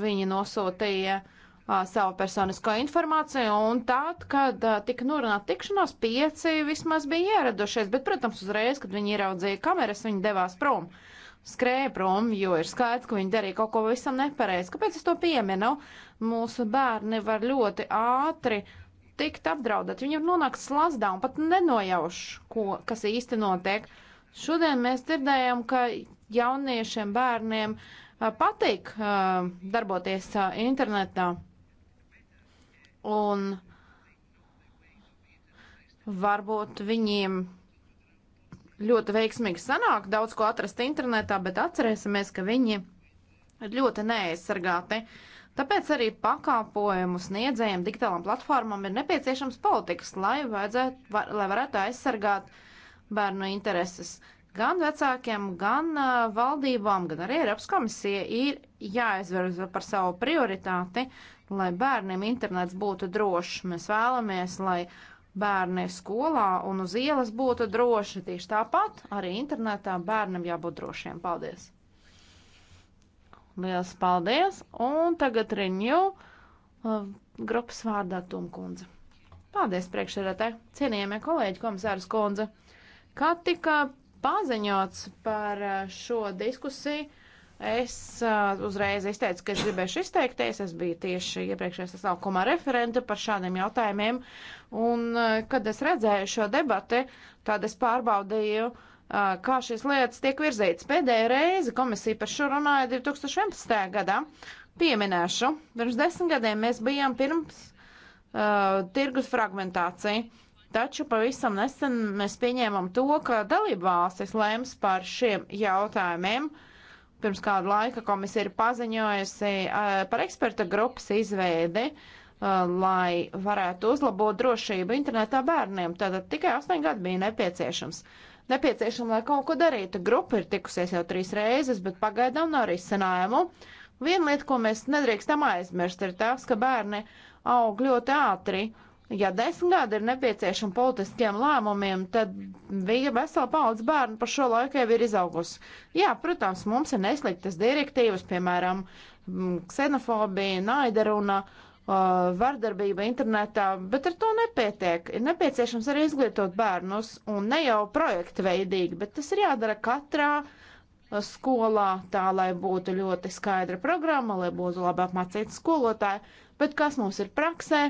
viņi nosūtīja uh, savu personisko informāciju, un tad, kad a, tika norunāta tikšanās, pieci vismaz bija ieradušies, bet, protams, uzreiz, kad viņi ieraudzīja kameras, viņi devās prom, skrēja prom, jo ir skaidrs, ka viņi darīja kaut ko visam nepareizi. Kāpēc es to pieminu? Mūsu bērni var ļoti ātri tikt apdraudēti, viņi var nonākt slazdā un pat nenojauš, ko, kas īsti notiek. Šodien mēs dzirdējam, ka jauniešiem bērniem patīk darboties internetā un varbūt viņiem ļoti veiksmīgi sanāk daudz ko atrast internetā, bet atcerēsimies, ka viņi ir ļoti neaizsargāti. Tāpēc arī pakāpojumu sniedzējiem digitālām platformām ir nepieciešams politikas, lai, vajadzētu, var, lai varētu aizsargāt bērnu intereses. Gan vecākiem, gan uh, valdībām, gan arī Eiropas komisija ir jāizver par savu prioritāti lai bērniem internets būtu drošs. Mēs vēlamies, lai bērni skolā un uz ielas būtu droši. Tieši tāpat arī internetā bērnam jābūt drošiem. Paldies! Lielas paldies! Un tagad riņu uh, grupas vārdā Tumkundze. Paldies priekšsēdētāji, cienījamie kolēģi, komisārs Kundze. Kā tika paziņots par uh, šo diskusiju, Es uh, uzreiz izteicu, ka es gribēšu izteikties. Es biju tieši iepriekšējā sasaukumā referente par šādiem jautājumiem. Un, uh, kad es redzēju šo debati, tad es pārbaudīju, uh, kā šīs lietas tiek virzītas. Pēdējā reize komisija par šo runāja 2011. gadā. Pieminēšu, pirms desmit gadiem mēs bijām pirms uh, tirgus fragmentācija. Taču pavisam nesen mēs pieņēmām to, ka dalībvalstis lēms par šiem jautājumiem. Uh, Pirms kādu laika komisija ir paziņojusi eh, par eksperta grupas izveidi, eh, lai varētu uzlabot drošību internetā bērniem. Tātad tikai 8 gadi bija nepieciešams. Nepieciešams, lai kaut ko darītu. Grupa ir tikusies jau trīs reizes, bet pagaidām nav risinājumu. Viena lieta, ko mēs nedrīkstam aizmirst, ir tas, ka bērni aug ļoti ātri. Uh, Ja desmit gadi ir nepieciešami politiskiem lēmumiem, tad bija vesela paudze bērnu par šo laiku jau ir izaugusi. Jā, protams, mums ir nesliktas direktīvas, piemēram, mm, ksenofobija, naidaruna, uh, vardarbība internetā, bet ar to nepietiek. Ir nepieciešams arī izglītot bērnus, un ne jau projekta veidīgi, bet tas ir jādara katrā uh, skolā, tā lai būtu ļoti skaidra programma, lai būtu labi apmācīti skolotāji, bet kas mums ir praksē?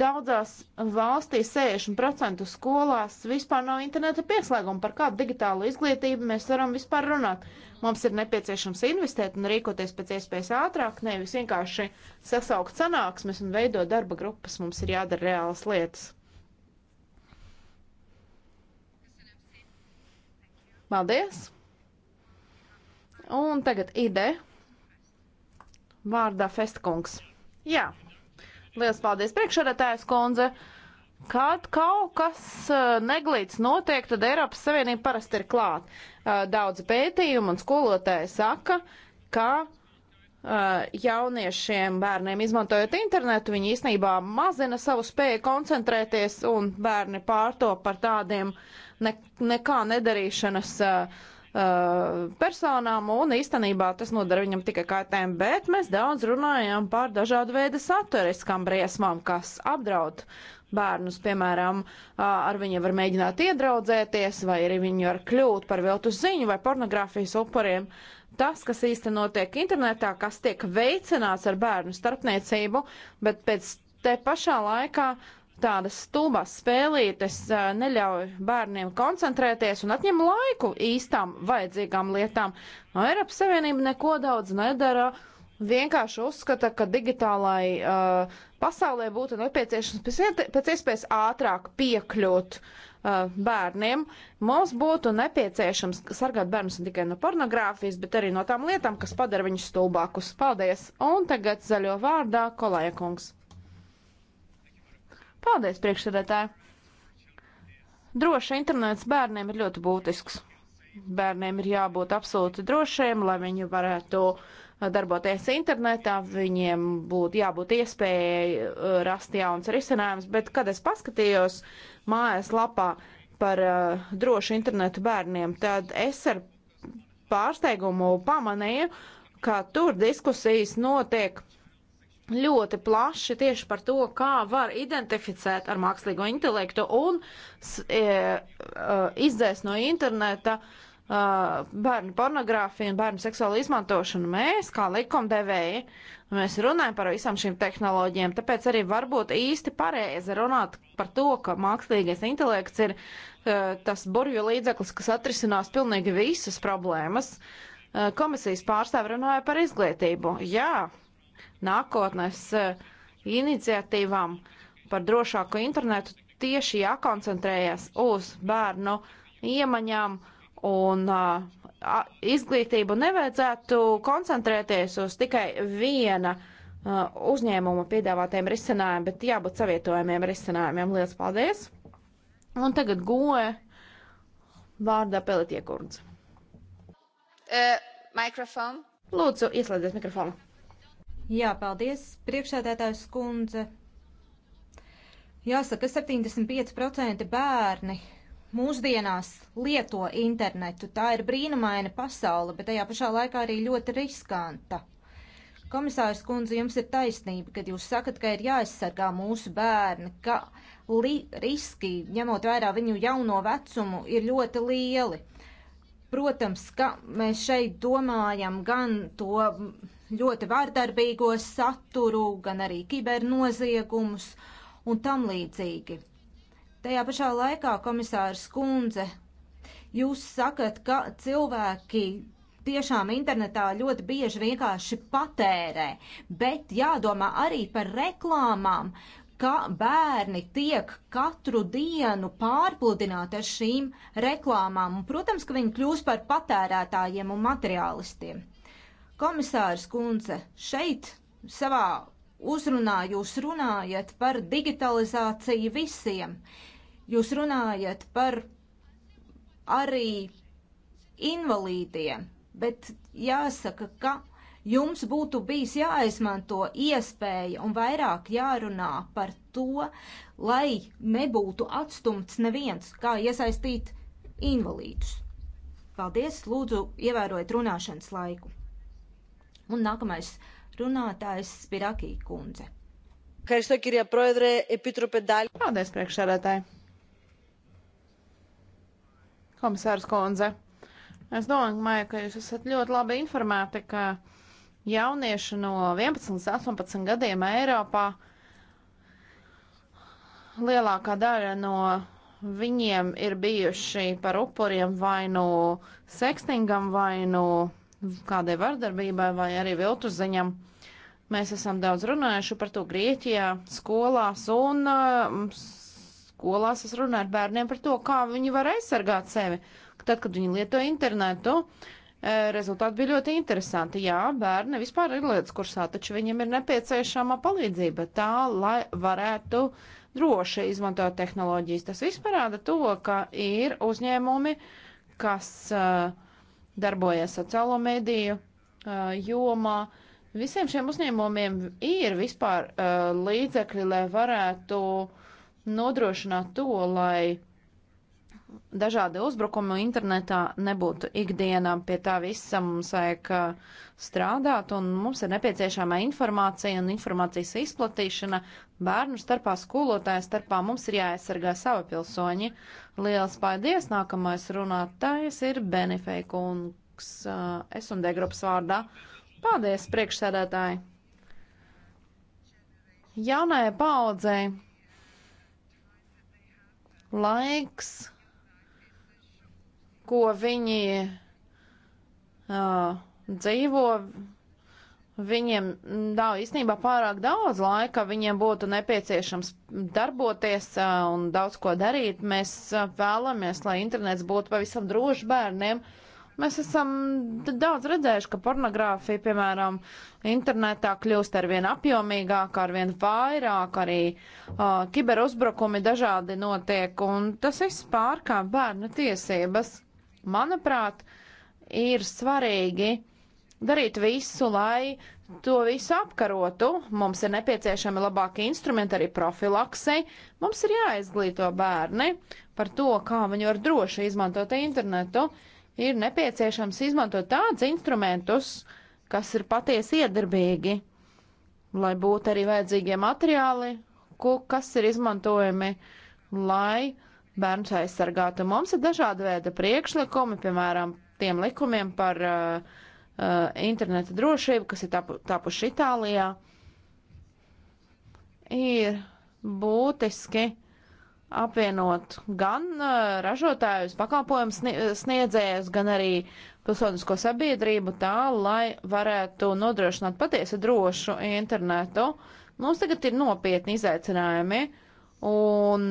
Daudzās valstīs 60% skolās vispār nav interneta pieslēguma. Par kādu digitālu izglītību mēs varam vispār runāt? Mums ir nepieciešams investēt un rīkoties pēc iespējas ātrāk, nevis vienkārši sasaukt sanāksmes un veidot darba grupas. Mums ir jādara reālas lietas. Paldies! Un tagad ide vārdā Festkungs. Jā. Yeah. Lielas paldies priekšredētājas kundze. Kad kaut kas eh, neglīts notiek, tad Eiropas Savienība parasti ir klāt. Eh, Daudz pētījumu un skolotāji saka, ka eh, jauniešiem, bērniem izmantojot internetu, viņi īsnībā mazina savu spēju koncentrēties un bērni pārto par tādiem ne, nekā nedarīšanas uh, Uh, personām, un īstenībā tas nodara viņam tikai kaitējumu, bet mēs daudz runājam par dažādu veidu saturiskām briesmām, kas apdraud bērnus, piemēram, uh, ar viņiem var mēģināt iedraudzēties, vai arī viņi var kļūt par viltus ziņu vai pornogrāfijas upuriem. Tas, kas īsti notiek internetā, kas tiek veicināts ar bērnu starpniecību, bet pēc te pašā laikā uh, tādas stulbas spēlītes eh, neļauj bērniem koncentrēties un atņem laiku īstām vajadzīgām lietām. No Eiropas Savienība neko daudz nedara. Vienkārši uzskata, ka digitālai uh, pasaulē būtu nepieciešams pēc, pēc iespējas ātrāk piekļūt uh, bērniem. Mums būtu nepieciešams sargāt bērnus ne tikai no pornogrāfijas, bet arī no tām lietām, kas padara viņus stulbākus. Paldies! Un tagad zaļo vārdā Kolēja kungs. Paldies, priekšsēdētāji! Droši internets bērniem ir ļoti būtisks. Bērniem ir jābūt absolūti drošiem, lai viņi varētu darboties internetā, viņiem būtu jābūt iespējai uh, rast jauns risinājums, bet kad es paskatījos mājas lapā par uh, drošu internetu bērniem, tad es ar pārsteigumu pamanīju, ka tur diskusijas notiek ļoti plaši tieši par to, kā var identificēt ar mākslīgo intelektu un e, e, izdzēst no interneta Uh, bērnu pornogrāfiju un bērnu seksuālu izmantošanu. Mēs, kā likumdevēji, mēs runājam par visām šīm tehnoloģijām, tāpēc arī varbūt īsti pareizi runāt par to, ka mākslīgais intelekts ir uh, tas burvju līdzeklis, kas atrisinās pilnīgi visas problēmas. Uh, komisijas pārstāvi runāja par izglītību. Jā, nākotnes eh, iniciatīvām par drošāku internetu tieši jākoncentrējas uz bērnu iemaņām un uh, izglītību. Nevajadzētu koncentrēties uz tikai viena uh, uzņēmuma piedāvātiem risinājumiem, bet jābūt savietojumiem risinājumiem. Lielas paldies! Un tagad goe vārdā Peletiekurdz. Uh, mikrofonu. Lūdzu, ieslēdziet mikrofonu. Jā, paldies, priekšsēdētājs kundze. Jāsaka, 75% bērni mūsdienās lieto internetu. Tā ir brīnumaina pasaule, bet tajā pašā laikā arī ļoti riskanta. Komisārs kundze, jums ir taisnība, kad jūs sakat, ka ir jāaizsargā mūsu bērni, ka riski, ņemot vērā viņu jauno vecumu, ir ļoti lieli. Protams, ka mēs šeit domājam gan to ļoti vārdarbīgo saturu, gan arī kibernoziegumus un tam līdzīgi. Tajā pašā laikā, komisārs Kundze, jūs sakat, ka cilvēki tiešām internetā ļoti bieži vienkārši patērē, bet jādomā arī par reklāmām, ka bērni tiek katru dienu pārpludināti ar šīm reklāmām. Un, protams, ka viņi kļūst par patērētājiem un materiālistiem. Komisārs Kunze, šeit savā uzrunā jūs runājat par digitalizāciju visiem. Jūs runājat par arī invalīdiem, bet jāsaka, ka jums būtu bijis jāizmanto iespēja un vairāk jārunā par to, lai nebūtu atstumts neviens, kā iesaistīt invalīdus. Paldies, lūdzu, ievērojiet runāšanas laiku. Un nākamais runātājs Spirakī kundze. Paldies, priekšsēdētāji! Komisārs Konze, es domāju, ka jūs esat ļoti labi informēti, ka jaunieši no 11 līdz 18 gadiem Eiropā lielākā daļa no viņiem ir bijuši par upuriem vai nu no sekstingam, vai nu no kādai vardarbībai vai arī viltu ziņam. Mēs esam daudz runājuši par to Grieķijā, skolās un uh, skolās es runāju ar bērniem par to, kā viņi var aizsargāt sevi. Tad, kad viņi lieto internetu, e, rezultāti bija ļoti interesanti. Jā, bērni vispār ir lietas kursā, taču viņiem ir nepieciešama palīdzība tā, lai varētu droši izmantot tehnoloģijas. Tas viss parāda to, ka ir uzņēmumi, kas uh, darbojas sociālo mediju uh, jomā. Visiem šiem uzņēmumiem ir vispār uh, līdzekļi, lai varētu nodrošināt to, lai dažādi uzbrukumi internetā nebūtu ikdienā. Pie tā visa mums vajag uh, strādāt, un mums ir nepieciešama informācija un informācijas izplatīšana bērnu starpā, skolotāju starpā. Mums ir jāaizsargā savi pilsoņi. Liels paldies! Nākamais runātājs ir Benefei kungs, es un degrupas vārdā. Paldies, priekšsēdētāji! Jaunajai paaudzei laiks, ko viņi uh, dzīvo, Viņiem nav īstenībā pārāk daudz laika, viņiem būtu nepieciešams darboties un daudz ko darīt. Mēs vēlamies, lai internets būtu pavisam drošs bērniem. Mēs esam daudz redzējuši, ka pornogrāfija, piemēram, internetā kļūst ar vien apjomīgāk, ar vien vairāk, arī uh, kiberuzbrukumi dažādi notiek, un tas viss pārkāp bērnu tiesības. Manuprāt, ir svarīgi darīt visu, lai to visu apkarotu. Mums ir nepieciešami labāki instrumenti arī profilaksei. Mums ir jāizglīto bērni par to, kā viņi var droši izmantot internetu. Ir nepieciešams izmantot tādus instrumentus, kas ir patiesi iedarbīgi, lai būtu arī vajadzīgie materiāli, ko, kas ir izmantojami, lai bērns aizsargātu. Mums ir dažādi veidi priekšlikumi, piemēram, tiem likumiem par uh, Uh, interneta drošība, kas ir tapuši Itālijā, ir būtiski apvienot gan uh, ražotājus, pakalpojums sniedzējus, gan arī pilsonisko sabiedrību tā, lai varētu nodrošināt patiesi drošu internetu. Mums tagad ir nopietni izaicinājumi, un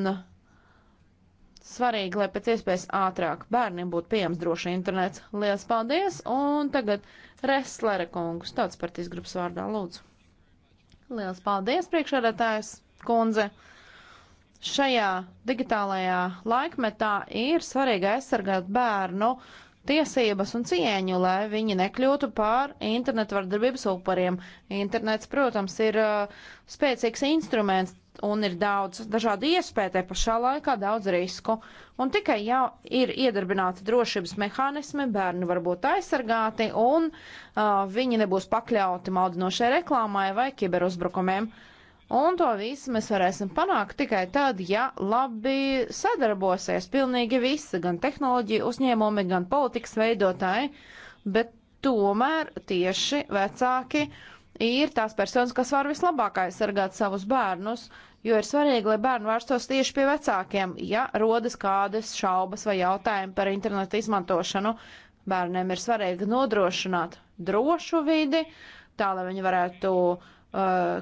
Svarīgi, lai pēc iespējas ātrāk bērniem būtu pieejams droši internets. Lielas paldies! Un tagad Reslere kungus, tāds partijas grupas vārdā, lūdzu. Lielas paldies, priekšredētājs kundze! Šajā digitālajā laikmetā ir svarīgi aizsargāt bērnu tiesības un cieņu, lai viņi nekļūtu par internetu vardarbības upuriem. Internets, protams, ir uh, spēcīgs instruments un ir daudz dažādu iespēju, te pašā laikā daudz risku. Un tikai jau ir iedarbināti drošības mehānismi, bērni var būt aizsargāti un uh, viņi nebūs pakļauti maldinošai reklāmai vai kiberuzbrukumiem. Un to visu mēs varēsim panākt tikai tad, ja labi sadarbosies pilnīgi visi, gan tehnoloģija uzņēmumi, gan politikas veidotāji, bet tomēr tieši vecāki uh, ir tās personas, kas var vislabāk aizsargāt savus bērnus, jo ir svarīgi, lai bērni vērstos tieši pie vecākiem, ja rodas kādas šaubas vai jautājumi par internetu izmantošanu. Bērniem ir svarīgi nodrošināt drošu vidi, tā lai viņi varētu uh, uh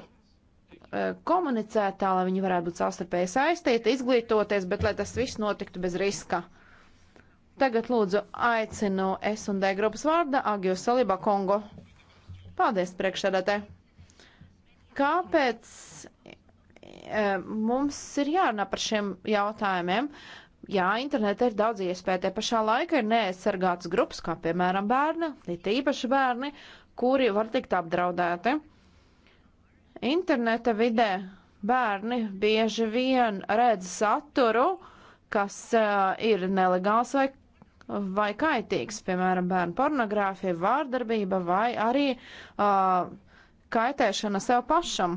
komunicēt, tā lai viņi varētu būt savstarpēji saistīti, izglītoties, bet lai tas viss notiktu bez riska. Tagad lūdzu aicinu S&D grupas vārda Agiju Salibā Kongo. Paldies, priekšsēdētāji! Kāpēc e, mums ir jārunā par šiem jautājumiem? Jā, internetā ir daudz iespēju, te pašā laikā ir neaizsargātas grupas, kā piemēram bērni, it īpaši bērni, kuri var tikt apdraudēti. Interneta vidē bērni bieži vien redz saturu, kas uh, ir nelegāls vai vai kaitīgs, piemēram, bērnu pornogrāfija, vārdarbība vai arī uh, kaitēšana sev pašam.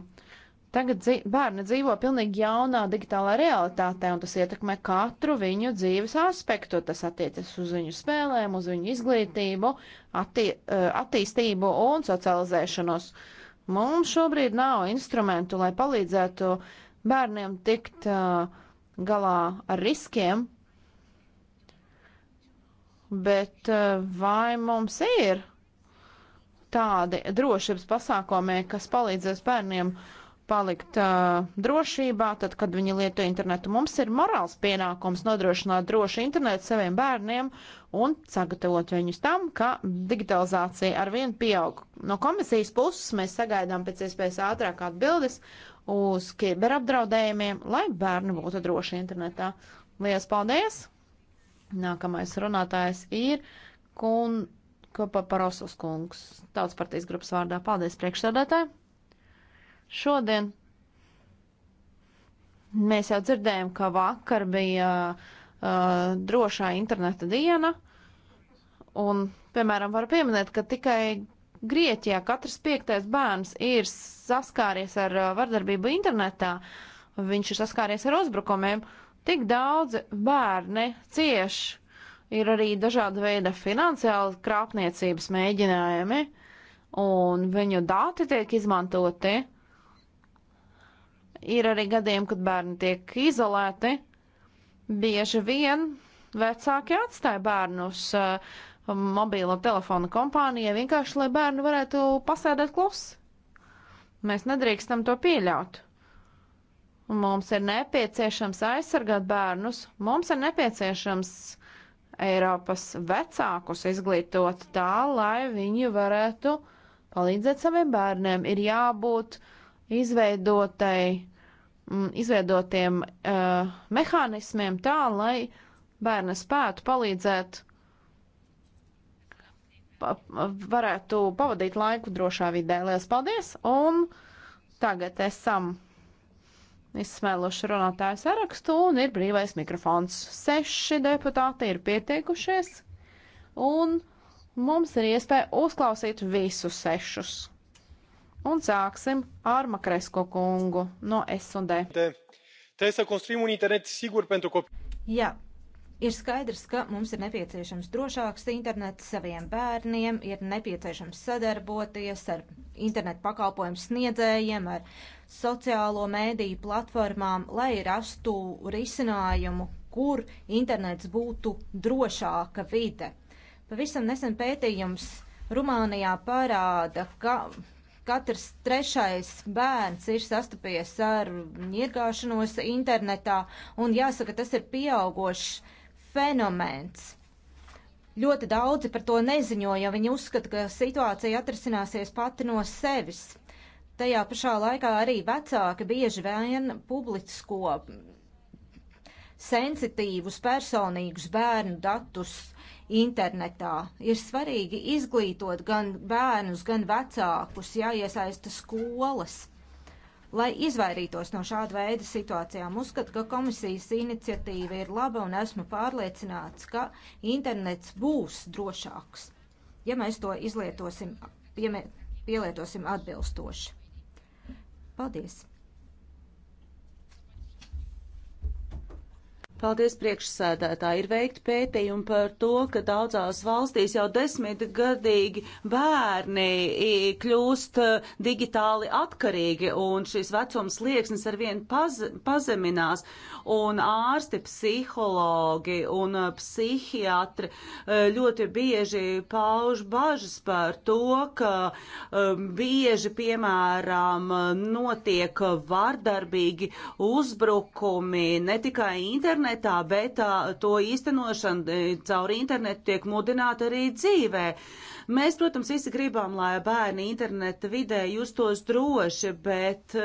Tagad dzī bērni dzīvo pilnīgi jaunā digitālā realitātē, un tas ietekmē katru viņu dzīves aspektu. Tas attiecas uz viņu spēlēm, uz viņu izglītību, atti attīstību un socializēšanos. Mums šobrīd nav instrumentu, lai palīdzētu bērniem tikt uh, galā ar riskiem, bet eh, vai mums ir tādi drošības pasākumi, kas palīdzēs bērniem palikt uh, drošībā, tad, kad viņi lieto internetu? Mums ir morāls pienākums nodrošināt drošu internetu saviem bērniem un sagatavot viņus tam, ka digitalizācija arvien pieaug. No komisijas puses mēs sagaidām pēc iespējas ātrāk atbildes uz kiberapdraudējumiem, lai bērni būtu droši internetā. Lielas paldies! Nākamais runātājs ir kun, Kopa Parosas kungs, tautas partijas grupas vārdā. Paldies priekšsādātāji! Šodien mēs jau dzirdējām, ka vakar bija uh, drošā interneta diena, un, piemēram, var pieminēt, ka tikai Grieķijā katrs piektais bērns ir saskāries ar vardarbību internetā, viņš ir saskāries ar uzbrukumiem, Tik daudzi bērni cieš, ir arī dažāda veida finansiāla krāpniecības mēģinājumi, un viņu dati tiek izmantoti. Ir arī gadījumi, kad bērni tiek izolēti. Bieži vien vecāki atstāja bērnus uh, mobīlo telefonu kompānijai vienkārši, lai bērni varētu pasēdēt klusi. Mēs nedrīkstam to pieļaut. Mums ir nepieciešams aizsargāt bērnus, mums ir nepieciešams Eiropas vecākus izglītot tā, lai viņi varētu palīdzēt saviem bērniem. Ir jābūt izveidotai, mm, izveidotiem uh, mehānismiem tā, lai bērni spētu palīdzēt, pa, varētu pavadīt laiku drošā vidē. Lielas paldies! Un tagad esam izsmēluši runātāju sarakstu un ir brīvais mikrofons. Seši deputāti ir pieteikušies un mums ir iespēja uzklausīt visus sešus. Un sāksim ar Makresko kungu no S&D. Trebuie să construim un internet sigur pentru copii. Jā, Ir skaidrs, ka mums ir nepieciešams drošāks internets saviem bērniem, ir nepieciešams sadarboties ar internetu pakalpojumu sniedzējiem, ar sociālo mēdīju platformām, lai rastu risinājumu, kur internets būtu drošāka vide. Pavisam nesen pētījums Rumānijā parāda, ka katrs trešais bērns ir sastapies ar iegāšanos internetā, un jāsaka, tas ir pieaugošs fenomens. Ļoti daudzi par to neziņo, jo viņi uzskata, ka situācija atrisināsies pati no sevis. Tajā pašā laikā arī vecāki bieži vien publisko sensitīvus personīgus bērnu datus internetā. Ir svarīgi izglītot gan bērnus, gan vecākus, jāiesaista skolas lai izvairītos no šāda veida situācijām. Uzskatu, ka komisijas iniciatīva ir laba un esmu pārliecināts, ka internets būs drošāks, ja mēs to izlietosim, piemē, pielietosim atbilstoši. Paldies! Paldies priekšsēdētā. Ir veikti pētījumi par to, ka daudzās valstīs jau desmitgadīgi bērni kļūst e, digitāli atkarīgi un šis vecums liekas ar vienu paz pazeminās. Un ārsti, psihologi un e, psihiatri e, ļoti bieži pauž bažas par to, ka bieži, piemēram, notiek vardarbīgi uzbrukumi ne tikai internetā, internetā, bet to īstenošana caur internetu tiek mudināta arī dzīvē. Mēs, protams, visi gribam, lai bērni interneta vidē justos droši, bet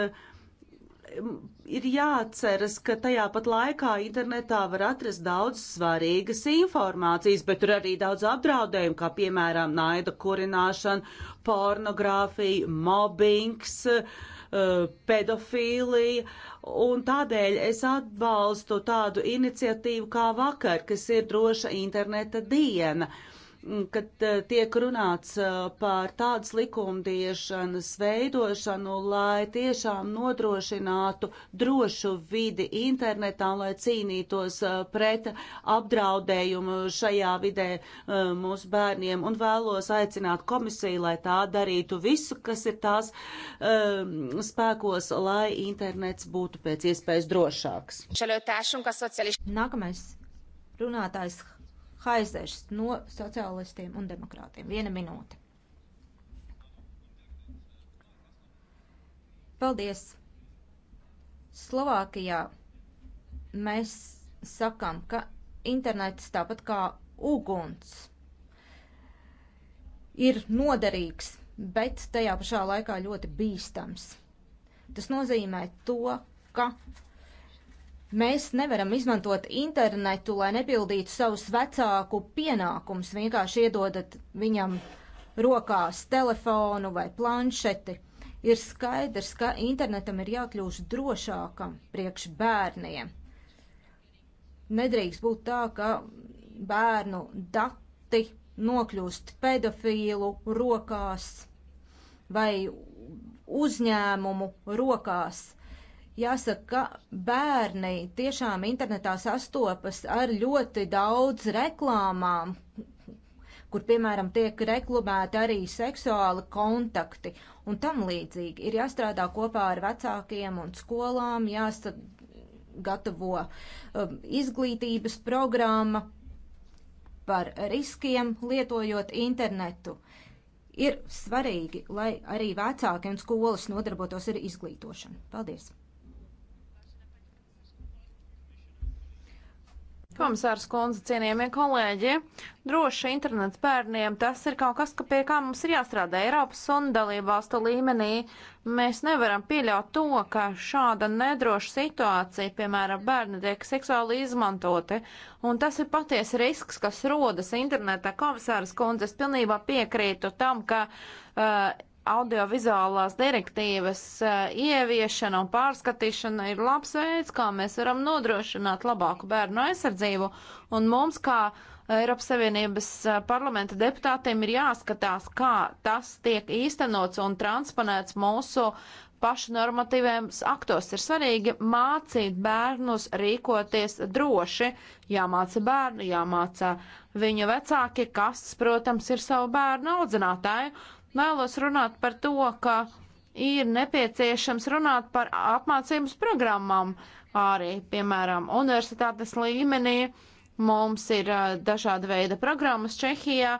ir jāatceras, ka tajā pat laikā internetā var atrast daudz svarīgas informācijas, bet tur arī daudz apdraudējumu, kā piemēram naida kurināšana, pornogrāfija, mobbings, pedofīlija Un tādēļ es atbalstu tādu iniciatīvu kā vakar, kas ir droša interneta diena. Uh, kad eh, tiek runāts eh, par tādas likumdiešanas veidošanu, lai tiešām nodrošinātu drošu vidi internetā, lai cīnītos eh, pret apdraudējumu šajā vidē mūsu bērniem. Un vēlos aicināt komisiju, lai tā darītu visu, kas ir tās um, spēkos, lai internets būtu pēc iespējas drošāks. Nākamais runātājs Haizers no sociālistiem un demokrātiem. Viena minūte. Paldies! Slovākijā mēs sakām, ka internets tāpat kā uguns ir noderīgs, bet tajā pašā laikā ļoti bīstams. Tas nozīmē to, ka Mēs nevaram izmantot internetu, lai nepildītu savus vecāku pienākumus, vienkārši iedodat viņam rokās telefonu vai planšeti. Ir skaidrs, ka internetam ir jākļūst drošākam priekš bērniem. Nedrīkst būt tā, ka bērnu dati nokļūst pedofīlu rokās vai uzņēmumu rokās. Jāsaka, ka bērni tiešām internetā sastopas ar ļoti daudz reklāmām, kur, piemēram, tiek reklamēti arī seksuāli kontakti un tam līdzīgi. Ir jāstrādā kopā ar vecākiem un skolām, jāsagatavo um, izglītības programma par riskiem lietojot internetu. Ir svarīgi, lai arī vecāki un skolas nodarbotos ar izglītošanu. Paldies! Komisārs Konze, cienījamie kolēģi, droši internets bērniem tas ir kaut kas, ka pie kā mums ir jāstrādā Eiropas un dalībvalstu līmenī. Mēs nevaram pieļaut to, ka šāda nedroša situācija, piemēram, bērni tiek seksuāli izmantoti, un tas ir paties risks, kas rodas internetā. Komisārs Konze, es pilnībā piekrītu tam, ka uh, audiovizuālās direktīvas eh, ieviešana un pārskatīšana ir labs veids, kā mēs varam nodrošināt labāku bērnu aizsardzību, un mums kā Eiropas Savienības eh, parlamenta deputātiem ir jāskatās, kā tas tiek īstenots un transponēts mūsu pašu normatīviem aktos. Ir svarīgi mācīt bērnus rīkoties droši, jāmāca bērnu, jāmāca viņu vecāki, kas, protams, ir savu bērnu audzinātāji Vēlos runāt par to, ka ir nepieciešams runāt par apmācības programmām arī, piemēram, universitātes līmenī. Mums ir dažāda veida programmas Čehijā,